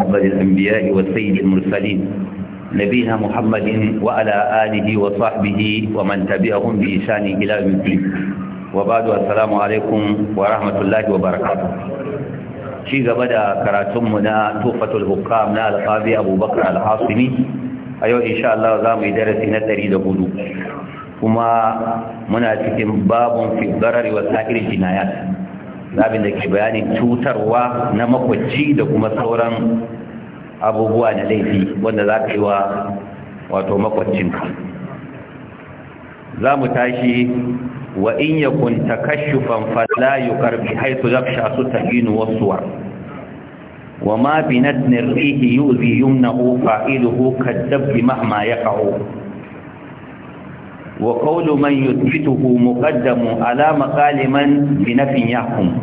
أفضل الأنبياء والسيد المرسلين نبينا محمد وعلى آله وصحبه ومن تبعهم بإشان إلى يوم الدين وبعد السلام عليكم ورحمة الله وبركاته شيء بدأ كراتمنا توفة الحكام نا القاضي أبو بكر الحاصمي أيوة إن شاء الله زام درسنا تريد هدوء كما منا تكن باب في الضرر وسائر الجنايات babin da ke bayanin cutarwa na makwacci da kuma sauran abubuwa na laifi wanda za ka yi wa wato makwaccinka za mu tashi wa in ta takashufan fala yukarbi haythu yakhsha sutaginu wasuwar وما بنتن الريح يؤذي يمنه فاعله كالدب مهما يقع wa qawlu man yuthbituhu muqaddamu ala maqali man bi nafin yahkum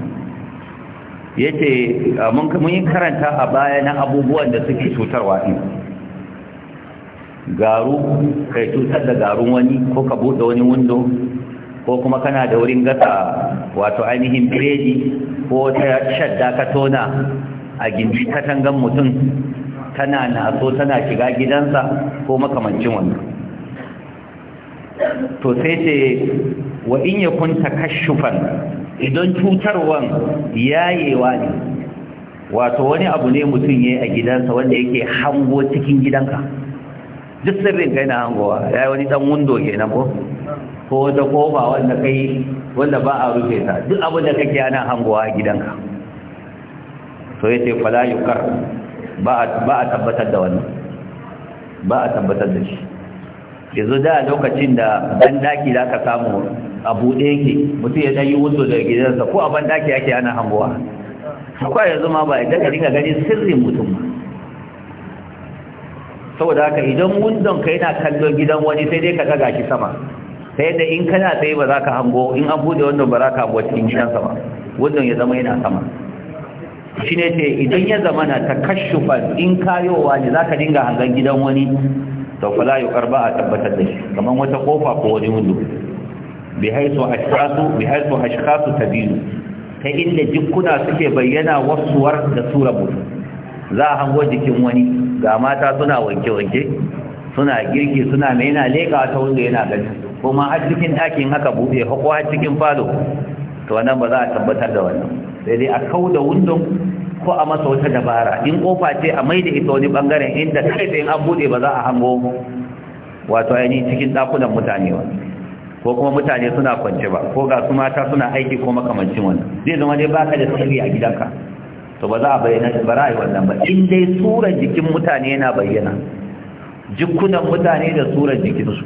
yace ah, mun yi karanta a baya na abubuwan da suke cutarwa din garu kai cutar da garun wani ko ka bude wani window ko kuma kana da wurin gasa wato ainihin biredi ko ta shadda ka tona a gindi katangan mutum tana naso tana shiga gidansa ko makamancin wannan to sai ce wa in yakun takashufan idan cutarwan yayewa ne wato wani abu ne mutum yayi a gidansa wanda yake hango cikin gidanka duk sirrin kai na hangowa yayi wani dan window kenan ko ko wata kofa wanda kai wanda ba a rufe ta duk abin da kake ana hangowa a gidanka to yace fala yukar ba a tabbatar da wannan ba a tabbatar da shi yanzu da lokacin da ɗan ɗaki da ka samu a buɗe yake mutum ya ɗan yi wundo daga gidansa ko a ban ya ke ana hangowa akwai yanzu ma ba idan ka dinga ganin sirrin mutum ba saboda haka idan wundon ka yana kallo gidan wani sai dai ka ɗaga shi sama ta yadda in kana tsaye ba za ka hango in an buɗe wannan ba za ka hango cikin gidan ba wundon ya zama yana sama shi ne ce idan ya zama na ta kashufa in kayowa ne za ka dinga hangar gidan wani sau fa yi karba a tabbatar da shi kamar wata ƙofa ko wani windo bi haisu ashkasu bi haisu ta inda jikuna suke bayyana wasuwar da sura mutum za a hango jikin wani ga mata suna wanke-wanke suna girki suna mai yana leƙa ta wanda yana gani kuma har cikin ɗakin haka buɗe hako har cikin falo to nan ba za a tabbatar da wannan sai dai a kau da wundon ko a masa wata dabara in kofa ce a maida ita wani bangaren inda kai tsayin an bude ba za a hango wato yani cikin dakunan mutane ba ko kuma mutane suna kwance ba ko ga su mata suna aiki ko makamancin wannan zai zama dai baka da sirri a gidanka to ba za a bayyana ba ra'ayi wannan ba in dai surar jikin mutane yana bayyana jikunan mutane da surar jikinsu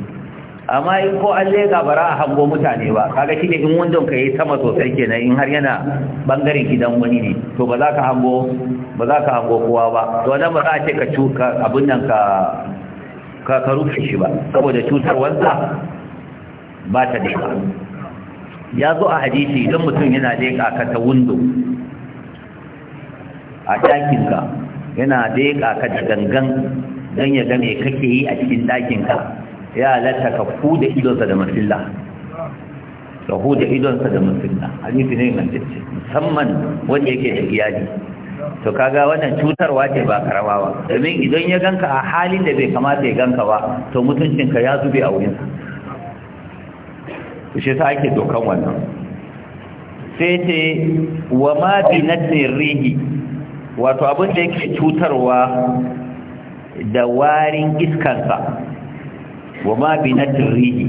amma in ko an lega bara a hango mutane ba kaga shi ne in wandon ka yi sama sosai kenan in har yana bangaren gidan wani ne to ba za ka hango ba za ka hango kowa ba to wannan ba za a ce ka cuka abin nan ka ka ka rufe shi ba saboda cutar wanda ba ta da ba ya zo a hadisi idan mutum yana leka ka ta wundo a ɗakinka yana leƙa ka da gangan dan ya ga kake yi a cikin ɗakinka ya halatta ka huda idonsa da masilla ka huda idonsa da masilla hadisi ne ce. musamman wanda yake da iyali to kaga wannan cutarwa ce ba karama ba domin idan ya ganka a halin da bai kamata ya ganka ba to mutuncinka ya zube a wurinsa shi sa ake dokan wannan sai ce wa ma bi natin rihi wato abin da yake cutarwa da warin iskansa wa ma binatin rihi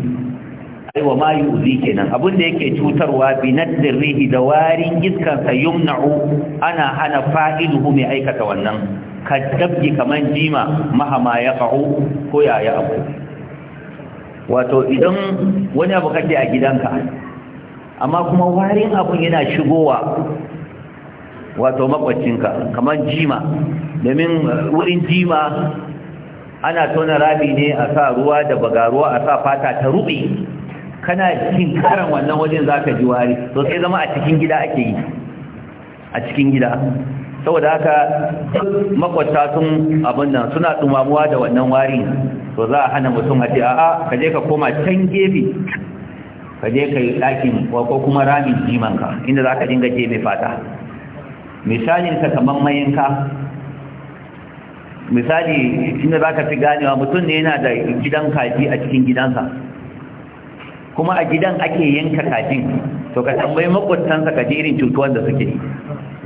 ai wa ma yuzi kenan abin da yake cutarwa binatin rihi da warin iskan sa yumna'u ana hana fa'iluhu mai aikata wannan ka kaddabji kaman jima mahama ya qa'u ko ya ya abu wato idan wani abu kake a gidanka amma kuma warin abun yana shigowa wato makwacinka kaman jima domin wurin jima ana tona Rabi ne a sa ruwa da bagaruwa a sa fata ta rube kana cikin karan wannan wajen za ji wari to sai zama a cikin gida ake yi a cikin gida saboda haka makwata sun abin nan suna dumamuwa da wannan wari to za a hana mutum a ce a'a ka je ka koma can gefe ka je ka yi ɗakin ko kuma ramin jimanka inda za ka dinga je mai fata misalin ka kamar mayinka misali inda za ka fi ganewa mutum ne yana da gidan kaji a cikin gidansa kuma a gidan ake yanka kajin to ka tambayi makwabtansa ka irin cutuwar da suke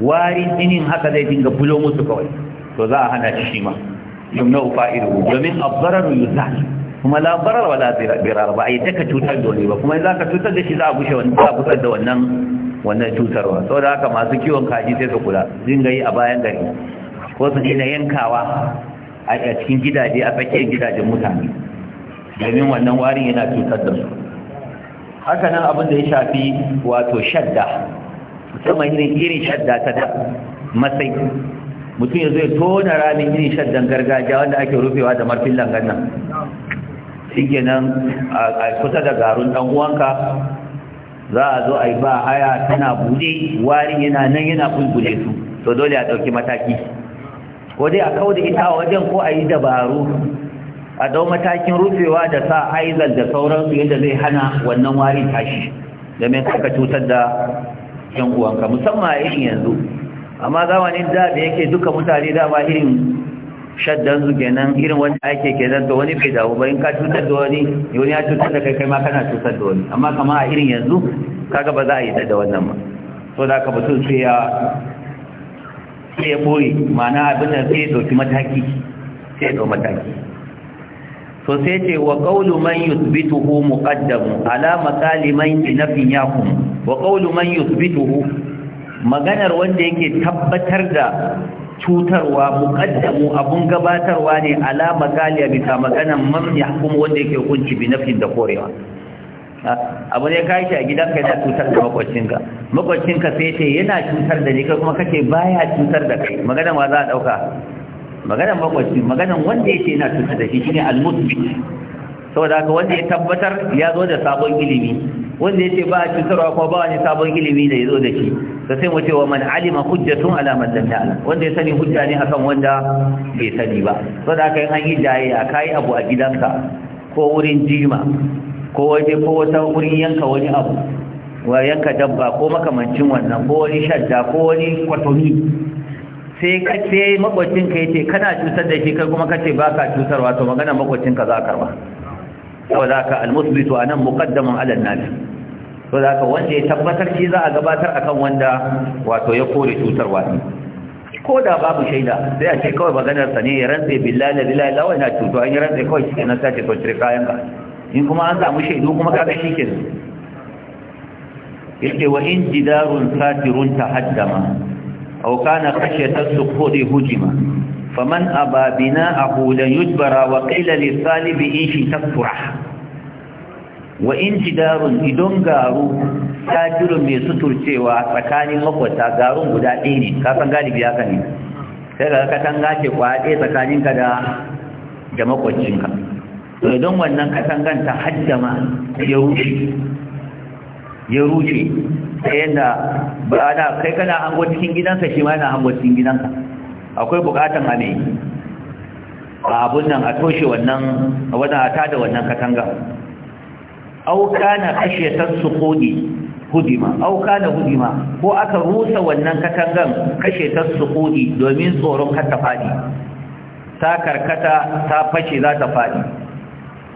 wari jinin haka zai dinga bulo musu kawai to za a hana shi ma yumna fa'iru domin abdararu yuza kuma la barar wala birar ba a yi taka cutar dole ba kuma za ka cutar da shi za a bushe wani za a busar da wannan wannan cutarwa saboda haka masu kiwon kaji sai su kula dinga yi a bayan gari ko su dina yankawa a cikin gidaje a tsakiyar gidajen mutane domin wannan warin yana cutar da su haka nan abin da ya shafi wato shadda musamman irin irin shadda ta da matsayi mutum ya zai tona ramin irin shaddan gargajiya wanda ake rufewa da marfin langan nan shi kenan a kusa da garun ɗan uwanka za a zo a yi ba haya tana bude warin yana nan yana bulbule su to dole a ɗauki mataki ko dai a kawo da ita a wajen ko a yi dabaru a dau matakin rufewa da sa aizal da sauransu yadda zai hana wannan wari tashi da mai kaka cutar da yan uwanka musamman a irin yanzu amma zamanin da da yake duka mutane dama irin shaddan su kenan irin wanda ake kenan da wani bai dawo ba. In ka cutar da wani wani ya cutar da kai kai ma kana cutar da wani amma kama a irin yanzu kaga ba za a yi da wannan ba so da ka mutum sai ya sai ya boye ma'ana abin da sai ya ɗauki mataki sai ya mataki so sai ce wa qawlu man yuthbituhu muqaddam ala maqali man nafin yakum wa qawlu man yuthbituhu maganar wanda yake tabbatar da cutarwa muƙaddamu abun gabatarwa ne ala maqali bisa maganar man yahkum wanda yake hukunci bi nafin da korewa abu ne ka shi a gidanka yana cutar da makwacinka makwacinka sai ce yana cutar da ni kai kuma kake baya cutar da kai maganan ma za a dauka maganan makwaci maganan wanda yake yana cutar da shi shine al-musbi saboda ka wanda ya tabbatar ya zo da sabon ilimi wanda yake ba cutarwa ko ba wani sabon ilimi da yazo da shi to sai mu ce wa man alima hujjatun ala man lam ya'lam wanda ya sani hujja ne akan wanda bai sani ba saboda haka in an yi jayayya kai abu a gidanka ko wurin jima ko waje ko wata wurin yanka wani abu wa yanka dabba ko makamancin wannan ko wani shadda ko wani kwatomi sai ka ce makwacin ka yace kana cutar da shi kai kuma ka ce baka cutarwa to magana makwacin ka za ka karba saboda ka almusbitu anan muqaddaman ala an-nas saboda haka wanda ya tabbatar shi za a gabatar akan wanda wato ya kore cutarwa ne ko da babu shaida sai a ce kawai maganar sa ne ya rantse billahi la ilaha illa wa ina cuto an yi rantse kawai shi ne na ce ko kayan ka in kuma an samu shaidu kuma kaga shi ke yake wa in jidarun satirun ta haddama au kana khashyatan suqudi hujima faman aba bina'ahu lan yujbara wa qila li salibi in shi takfurah wa in jidarun idon garu satirun mai suturcewa tsakanin makwata garun guda ɗaya ne ka san galibi haka ne sai ga katanga ce kwaɗe tsakaninka da da makwacinka to idan wannan katangan ta haddama ya rushe ya rushe ta yadda ba kai kana hango cikin gidanka shi ma yana hango cikin gidanka akwai bukatan a ne a abun nan a toshe wannan wadda a tada wannan katanga auka na kashe ta su kodi hudima auka na hudima ko aka rusa wannan katangan kashe ta su kodi domin tsoron kata fadi ta karkata ta fashe za ta fadi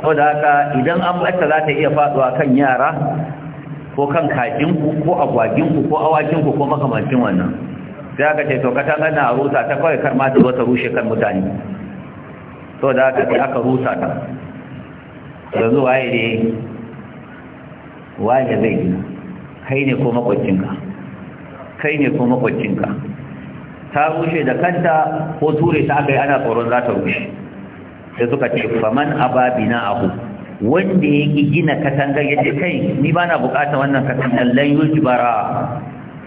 saboda haka idan an bata za ta iya faduwa kan yara ko kan kajinku ko agwaginku ko awakinku ko makamancin wannan sai aka ce to gana na rusa ta kawai kar ma ta zo ta rushe kan mutane to da aka sai aka rusa ta yanzu waye ne waye zai gina kai ne ko makwacinka kai ne ko makwacinka ta rushe da kanta ko ture ta aka yi ana tsoron za ta rushe sai suka ce faman ababina ahu wanda ya ki gina katangar ya kai ni ba na bukata wannan katangar lan bara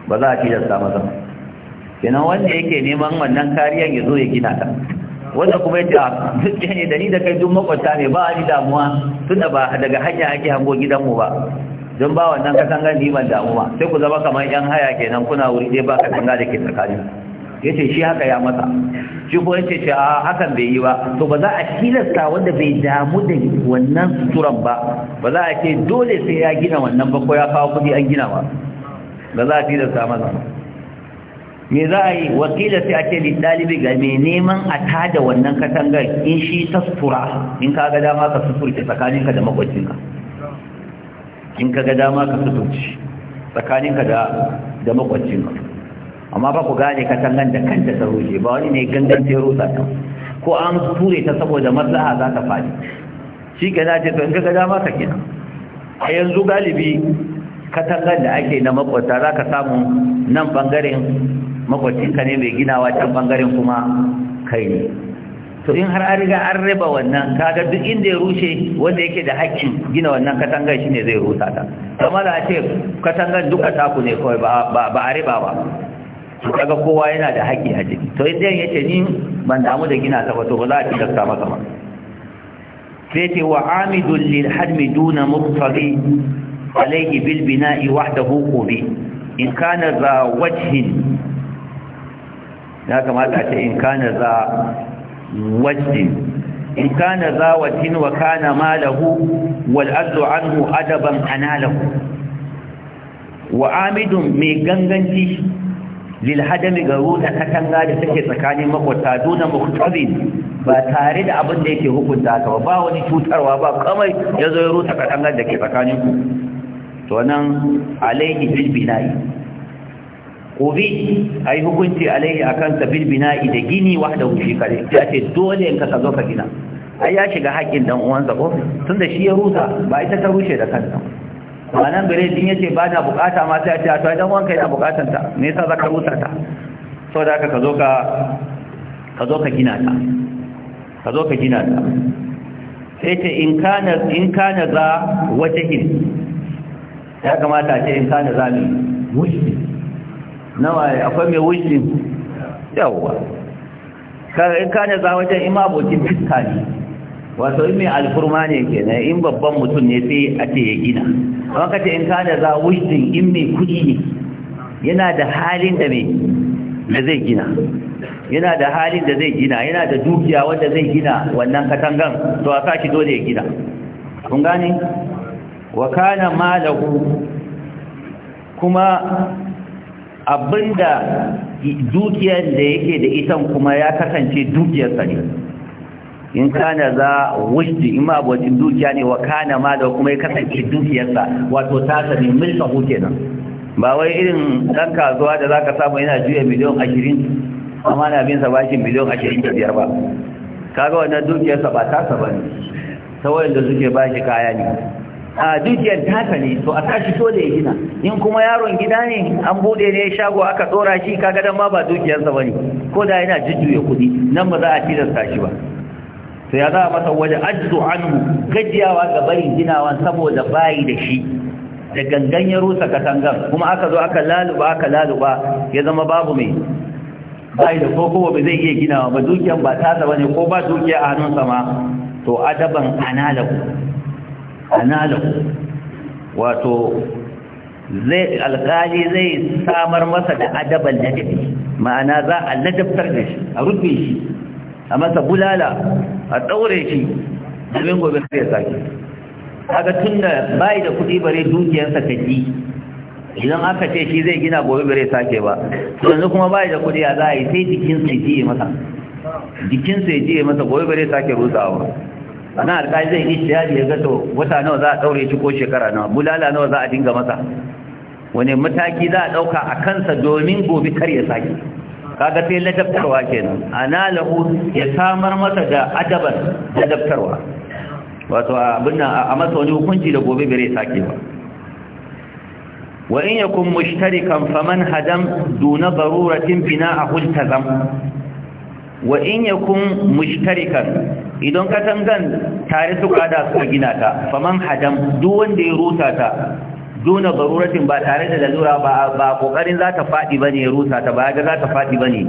ba za a tilasta zama kenan wanda yake neman wannan kariyar ya zo ya gina ta wanda kuma yace duk ne da ni da kai duk makwata ne ba ni damuwa da ba daga hanya ake hango gidanmu ba don ba wannan katangar ni ban damuwa sai ku zama kamar yan haya kenan kuna wuri dai ba katanga da ke tsakanin ya ce shi haka ya masa shi kuma ce ce a hakan bai yi ba to ba za a tilasta wanda bai damu da wannan suturan ba ba za a ce dole sai ya gina wannan ba ko ya kawo kudi an gina ba ba za a tilasta masa me za a yi wakila sai a ce dalibi ga mai neman a tada wannan katangar in shi ta sutura in ka ga dama ka suturce tsakaninka da makwacinka in ka ga dama ka suturce tsakaninka da makwacinka amma ba ku gane katangan da kanta ta rushe ba wani ne gangan sai rusa ta ko an ture ta saboda maslaha za ta faɗi shi ke ce to in ka gada maka kina a yanzu galibi katangan da ake na makwata za ka samu nan bangaren ka ne mai ginawa can bangaren kuma kai ne to in har an riga an raba wannan kaga duk inda ya rushe wanda yake da haƙƙin gina wannan katangar shine zai rusa ta kamar a ce katangar duka taku ne kawai ba a riba ba to kaga kowa yana da haƙƙi a jiki to ya ce ni ban damu da gina ta ba ba za a tilasta masa ba sai ce wa amidul lil hadmi duna muqtadi alayhi bil bina'i wahdahu qubi in kana za wajhin ya kamata ce in kana za wajhin in kana za wajhin wa kana malahu wal adlu anhu adaban analah wa amidun mai ganganci lilhadami ga ruda katanga da take tsakanin makwata duna mukhtabin ba tare da abin da yake hukunta ka ba wani cutarwa ba kamar ya zo ya rusa katangar da ke tsakanin ku to nan alaihi bil bina'i ubi ai hukunci alaihi akan ta bil bina'i da gini wahdahu shi kare ya ce dole ka ka zo ka gina ai ya shiga haƙƙin dan uwansa ko tunda shi ya rusa ba ita ta rushe da kanta ba nan bare din yace ba na bukata ma sai a ce a to dan wanka yana bukatan ta me yasa zaka rusa ta saboda haka ka zo ka ka zo ka gina ta ka zo ka gina ta sai ce in kana in kana za hin ya kamata ce in kana za mi wushi nawa akwai mai wushi ka in kana za wajen ima abokin fiska ne wato in mai alfurma ne na in babban mutum ne sai a ce ya gina amma kace in kana za wujin in mai kuɗi ne yana da halin da mai da zai gina yana da halin da zai gina yana da dukiya wanda zai gina wannan katangan to a saki dole ya gina kun gane wa kana malahu kuma abinda dukiyar da yake da itan kuma ya kasance dukiyarsa ne in kana za wajdi in ma abocin dukiya ne wa kana ma da kuma ya kasance dukiyarsa wato ta ne milka hu nan. ba wai irin ɗan kasuwa da za ka samu yana juya miliyon ashirin amma na bin sa bashin miliyon ashirin da biyar ba kaga wannan dukiyarsa ba tasa ba ne ta da suke bashi kaya ne a dukiyar tasa ne to a tashi to ya gina in kuma yaron gida ne an bude ne shago aka ɗora shi kaga dan ma ba dukiyarsa bane ko da yana jujjuya kuɗi nan ba za a tilasta shi ba sai ya za masa waje ajzu anhu gajiyawa ga bari ginawa saboda bayi da shi da gangan ya rusa katangan kuma aka zo aka laluba aka laluba ya zama babu mai bayi da koko ba zai iya ginawa ba dukiyan ba tasa bane ko ba dukiya a hannunsa ma to adaban analaku, analaku, wato zai alƙali zai samar masa da adaban ladabi ma'ana za a ladabtar da shi a rufe shi a masa bulala a ɗaure shi domin gobe kar ya sake tun da bai da kuɗi bare dukiyarsa ta ji idan aka ce shi zai gina gobe bare sake ba to yanzu kuma bai da kuɗi a za a yi sai jikin ya jiye masa jikin ya jiye masa gobe bare sake rusawa ana alƙali zai ishtiyari ya ga to wata nawa za a ɗaure shi ko shekara nawa bulala nawa za a dinga masa wani mataki za a ɗauka a kansa domin gobe kar ya sake kaga sai ladabtarwa kenan ana lahu ya samar masa da adaban ladabtarwa wato abin a masa wani hukunci da gobe bare sake ba wa in yakun mushtarikan faman hadam duna daruratin bina'ahu iltazam wa in yakun mushtarikan idan katangan tare su da suka gina ta faman hadam duk wanda ya rusa ta duna baruratin ba tare da lalura ba ba kokarin za ta faɗi ba ne rusa ta ba ga za ta faɗi ba ne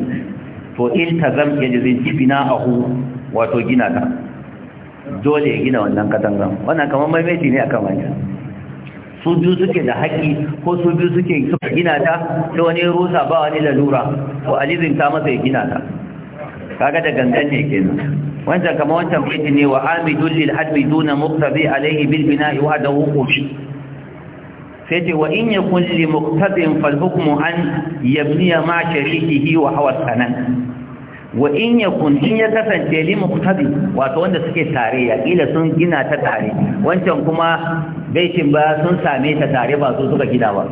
to in ta zam ya jizinci bina a hu wato gina ta dole ya gina wannan katangan wannan kamar maimaiti ne akan wancan su biyu suke da haƙi ko su biyu suke suka gina ta ta wani rusa ba wani lalura ko alizin ta masa ya gina ta kaga da gangan ne kenan wancan kamar wancan baiti ne wa amidul lil hadmi duna muqtabi alayhi bil bina'i wa hadahu qushi sai ce wa in ya kulle muktazin fal hukmu an yabniya ma sharikihi wa hawa sanan wa in ya in ya kasance li muqtadi wato wanda suke tare ya kila sun gina ta tare wancan kuma baitin ba sun same ta tare ba su suka gina ba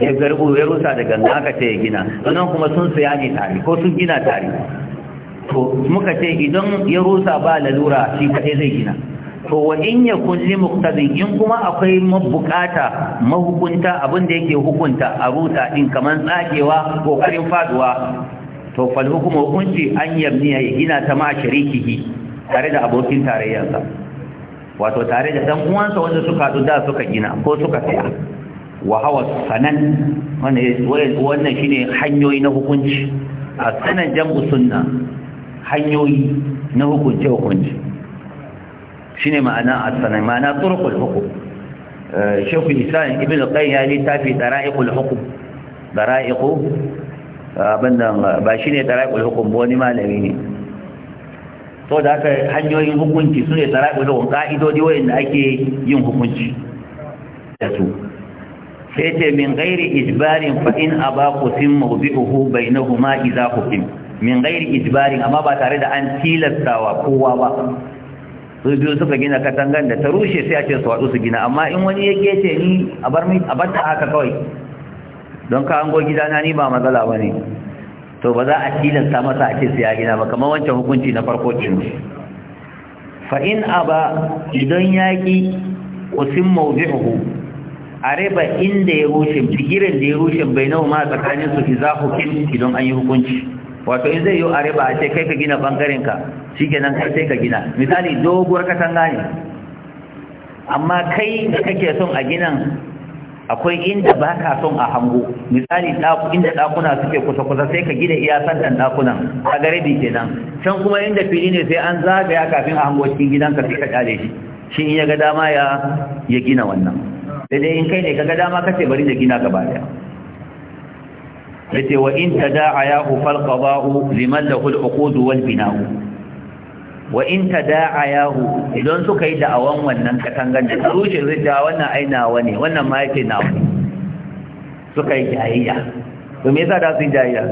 ya garbu ya rusa da ganga aka ce ya gina sannan kuma sun saya ne tare ko sun gina tare to muka ce idan ya rusa ba lalura shi kaɗai zai gina to wa in yakun li muqtadin in kuma akwai mabukata mahukunta abin da yake hukunta a ruta din kaman tsagewa ko karin faduwa to fal hukumu hukunci an ya ina ta ma sharikihi tare da abokin tarayyarsa wato tare da dan uwansa wanda suka da suka gina ko suka tsaya wa hawa sanan wannan shine hanyoyi na hukunci a sanan jam'u sunna hanyoyi na hukunci hukunci ne ma'ana a sanai ma'ana turqul hukum eh, shaykh lisan ibn al-qayyim ya littafi dara'iqul hukum dara'iqu eh, abinda ba shi shine dara'iqul hukum ba wani malami ne to da haka hanyoyin hukunci su sune dara'iqul hukum ka'idodi wayanda ake yin hukunci da su sai ce min gairi ijbarin fa in aba qusim mawdi'uhu bainahuma idza qusim min gairi ijbarin amma ba tare da an tilastawa kowa ba su biyu suka gina katangan da ta rushe sai a ce su haɗu su gina amma in wani ya kece ni a bar ta haka kawai don ka hango gidana ni ba matsala ba ne to ba za a tilasta masa a ce su ya gina ba kamar wancan hukunci na farko cin fa'in a ba idan yaki kusin maudu'uhu a riba inda ya rushe bigiran da ya rushe bai nau ma tsakanin su fi za hukin idan an yi hukunci wato in zai yi a riba a ce kai ka gina bangarenka. shikenan kai sai ka gina misali doguwar katanga ne amma kai da kake son a ginan akwai inda ba ka son a hango misali inda ɗakuna suke kusa-kusa sai ka gina iya santan ɗakunan a gare bi kenan can kuma inda fili ne sai an zagaya kafin a hango cikin gidanka sai ka kyale shi shi in ya ga dama ya ya gina wannan sai dai in kai ne ka ga dama kace bari da gina gaba daya yace wa in tada'a ya fal ba'u liman lahu al-uqud wal bina'u wa in yahu idan suka yi da'awan wannan katangan da rushin rida wannan aina wani wannan ma yake wani suka yi jayayya to me yasa da su jayayya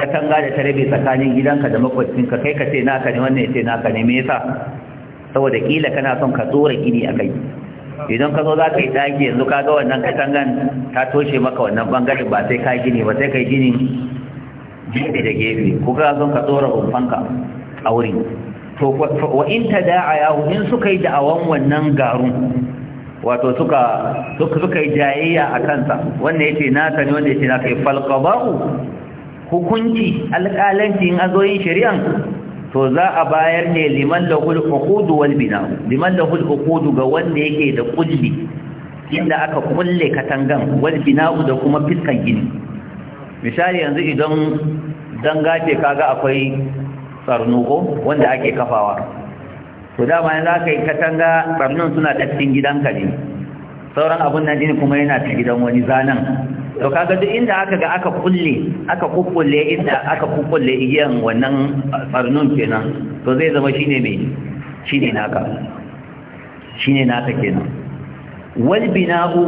katanga da ta rabe tsakanin gidanka da ka kai ka ce naka ne wannan ya ce naka ne me yasa saboda kila kana son ka tsora gini a kai idan ka zo za ka yi ɗaki yanzu ka ga wannan katangan ta toshe maka wannan bangaren ba sai ka gini ba sai ka yi gini gefe da gefe ko ga zon ka tsora rumfanka a wuri to wa in ta da'ayahu in suka yi da'awan wannan garun wato suka suka yi jayayya a kansa wanda yace naka ne wanda yace naka falqabahu hukunci alƙalanci in azoyin shari'an to za a bayar ne liman lahul uqud wal bina liman lahul uqud ga wanda yake da kulli inda aka kulle katangan wal bina da kuma fiskan gini misali yanzu idan danga ce kaga akwai tsarnuko wanda ake kafawa to dama yanzu aka yi katanga tsarnun suna cikin gidanka ne sauran abun nan din kuma yana ta gidan wani zanen to kaga duk inda aka ga aka kulle aka kukkulle inda aka kukkulle igiyan wannan tsarnun kenan to zai zama shine mai shine naka shine naka kenan wal bina'u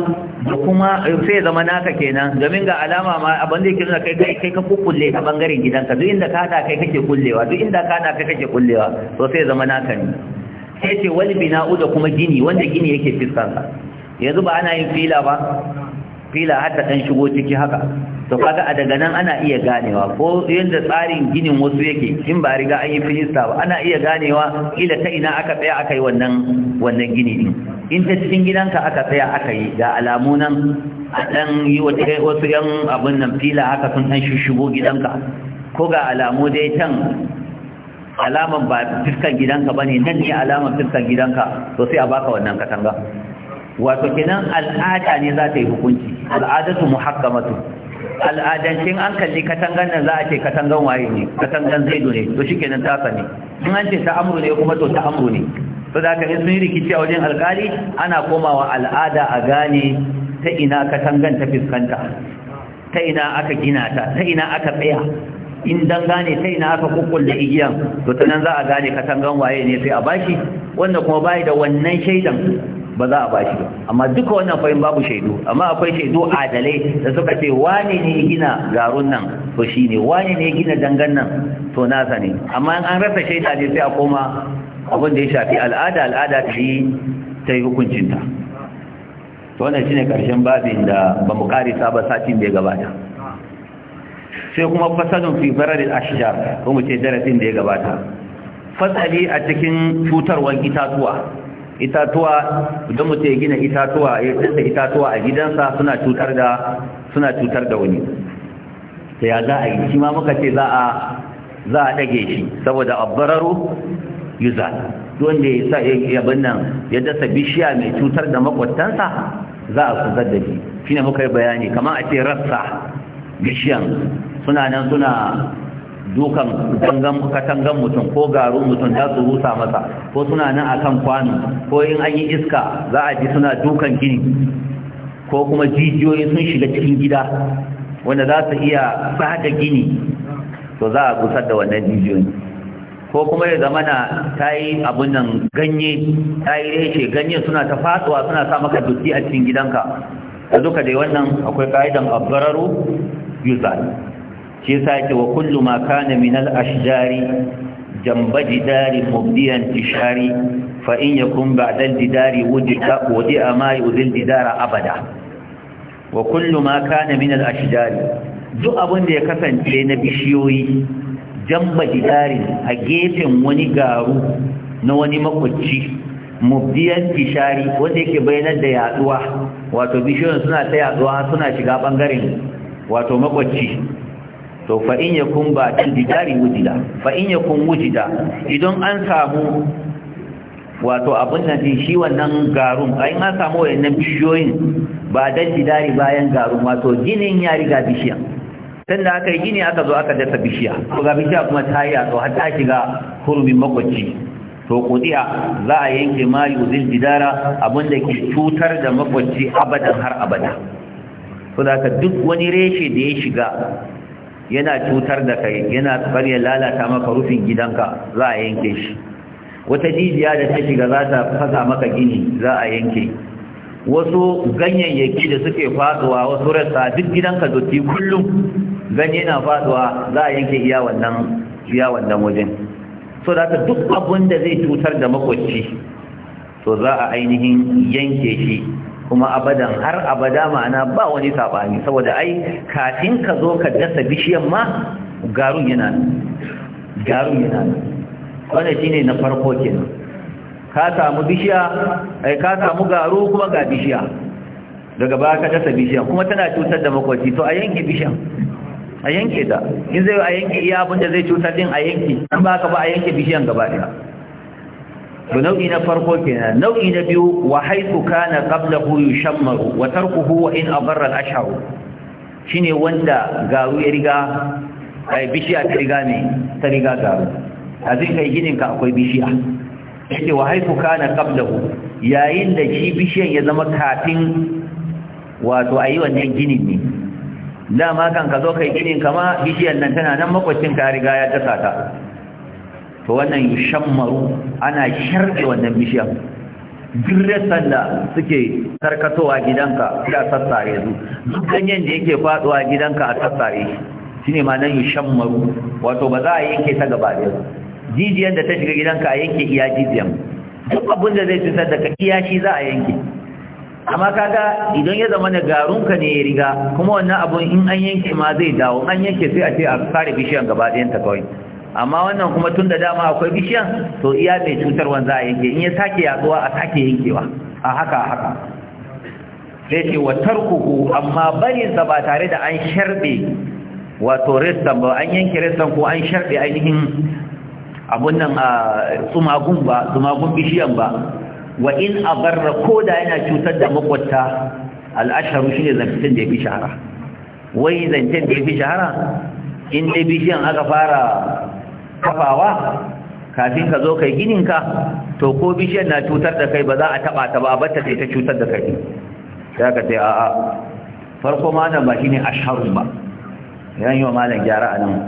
da kuma sai zama naka kenan domin ga alama ma abin da yake nuna kai kai kai ka kulle ta bangaren gidanka duk inda ka hada kai kake kullewa duk inda ka hada kai kake kullewa to sai zama naka ne sai ce wal bina'u da kuma gini wanda gini yake fiskansa yanzu ba ana yin fila ba fila har ta ɗan shigo ciki haka to kaga a daga nan ana iya ganewa ko yadda tsarin ginin wasu yake in ba riga an yi filista ba ana iya ganewa kila ta ina aka tsaya aka yi wannan wannan gini din in ta cikin gidanka aka tsaya aka yi ga alamu nan a ɗan yi wasu yan abin nan fila haka sun ɗan shigo gidanka ko ga alamu dai can alaman ba fiskan gidanka bane ne nan ne alaman fiskan gidanka to sai a baka wannan katanga wato kenan al'ada ne za ta yi hukunci al'adatu muhakkamatu al'adancin an kalli katangan nan za a ce katangan waye ne katangan zaidu ne to shikenan ta sani in an ce ta amru ne kuma to ta amru ne to da kan sun rikici a wajen alkali ana komawa al'ada a gane ta ina katangan ta fiskanta ta ina aka gina ta ta ina aka tsaya in dan gane ta ina aka kukkulle igiyan to ta nan za a gane katangan waye ne sai a bashi wanda kuma bai da wannan shaidan ba za a bashi ba amma duka wannan fahim babu shaidu amma akwai shaidu adalai da suka ce wane ne ya gina garun nan to shi ne wane ne ya gina dangan nan to nasa ne amma an rasa shaida ne sai a koma abin da ya shafi al'ada al'ada ta yi ta yi hukuncinta to wannan shine karshen babin da ba mu karisa ba satin da ya gabata sai kuma fasalin fi barar al-ashjar ko ce darasin da ya gabata fasali a cikin cutarwar itatuwa itatuwa idan mutum ya gina itatuwa ya tsinta itatuwa a gidansa suna cutar da suna cutar da wani Ta ya za a yi shi ma muka ce za a za a dage shi saboda abbararu yuza wanda ya sa ya binnan ya dasa bishiya mai cutar da makwattansa za a su da shi shine muka yi bayani kamar a ce rassa bishiyan suna nan suna dukan katangan mutum ko garu mutum za su rusa masa ko suna nan akan kwano ko in an yi iska za a ji suna dukan gini ko kuma jijiyoyi sun shiga cikin gida wanda za su iya tsada gini to za a gusar da wannan jijiyoyi ko kuma ya zama na ta yi abin nan ganye ta yi reshe ganye suna ta fasuwa suna sa maka dotti a cikin gidanka da duka dai wannan akwai ka'idan abgararu yuzani shi sake wa kullu ma kana min al-ashjari jamba jidari mubdiyan tishari fa in yakun ba'da al-jidari wujida wudi'a ma yuzil jidara abada wa kullu ma kana min al-ashjari duk abin da ya kasance na bishiyoyi jamba jidari a gefen wani garu na wani makwacci mubdiyan tishari wanda yake bayanar da yaduwa wato bishiyoyin suna ta yaduwa suna shiga bangaren wato makwacci to fa in yakun ba dal bidari wujida fa in yakun wujida idan an samu wato abin nan din shi wannan garun a ai an samu wayannan bishiyoyin ba dan bidari bayan garun wato ginin ya riga bishiya tun da aka yi gini aka zo aka dasa bishiya ko ga bishiya kuma ta yi a har ta shiga hurumin makwaci to kudiya za a yanke mari yuzil bidara abin da ke cutar da makwaci abadan har abada ko da duk wani reshe da ya shiga yana cutar da kai yana ya lalata maka rufin gidanka za a yanke shi wata jijiya da ta shiga za ta fasa maka gini za a yanke wasu ganyayyaki da suke faduwa wasu rasa duk gidanka dotti kullum ganye yana faduwa za a yanke iya wannan iya wannan wajen so da ta duk abun da zai cutar da makwacci to za a ainihin yanke shi kuma abadan har abada ma'ana ba wani saɓani saboda ai kafin ka zo ka dasa bishiyan ma garun yana garun yana wanda shine na farko kenan ka samu bishiya ai ka samu garu kuma ga bishiya daga ba ka dasa bishiyan kuma tana cutar da makwaci to a yanke bishiyan a yanke da in zai a yanke iya abin da zai cutar din a yanke an ba ka ba a yanke bishiyan gaba daya to nau'i na farko kenan nau'i na biyu wa haythu kana qablahu yushammaru wa tarkuhu wa in abarra al-ashharu shine wanda garu ya riga ai bishiya ta riga ne ta riga garu a zai kai ginin ka akwai bishiya yake wa haythu kana qablahu yayin da shi bishiyan ya zama kafin wato ayi wannan ginin ne dama kan ka zo kai ginin kama bishiyan nan tana nan makwacin ka riga ya dasa ta to wannan yushammaru ana sharɗe wannan bishiyar dirresan da suke karkatowa gidanka da sassare su duk ganyen da yake faduwa gidanka a sassare shi shine ma nan yushammaru wato ba za a yanke ta gaba da jijiyan da ta shiga gidanka a yanke iya jijiyan duk abin da zai cutar da ka iya shi za a yanke amma kaga idan ya zama da garunka ne ya riga kuma wannan abun in an yanke ma zai dawo an yanke sai a ce a kare bishiyan gaba ɗayan ta kawai amma wannan kuma tun da dama akwai bishiyan to iya mai cutar za a yanke in ya sake yaduwa a sake yankewa a haka haka sai ce wa tarkuhu amma sa ba tare da an sharbe wato restan ba an yanke restan ko an sharbe ainihin abun nan a tsumagun ba tsumagun bishiyan ba wa in abarra ko da yana cutar da makwata al'asharu shine zancen da ya fi shahara wai zancen da ya fi shahara in dai bishiyan aka fara kafawa kafin ka zo kai ka to ko bishiyar na cutar da kai ba za a taba ta ba batta ta cutar da kai sai ka ce a'a farko malam ba shine asharu ba yan yi wa malam gyara anan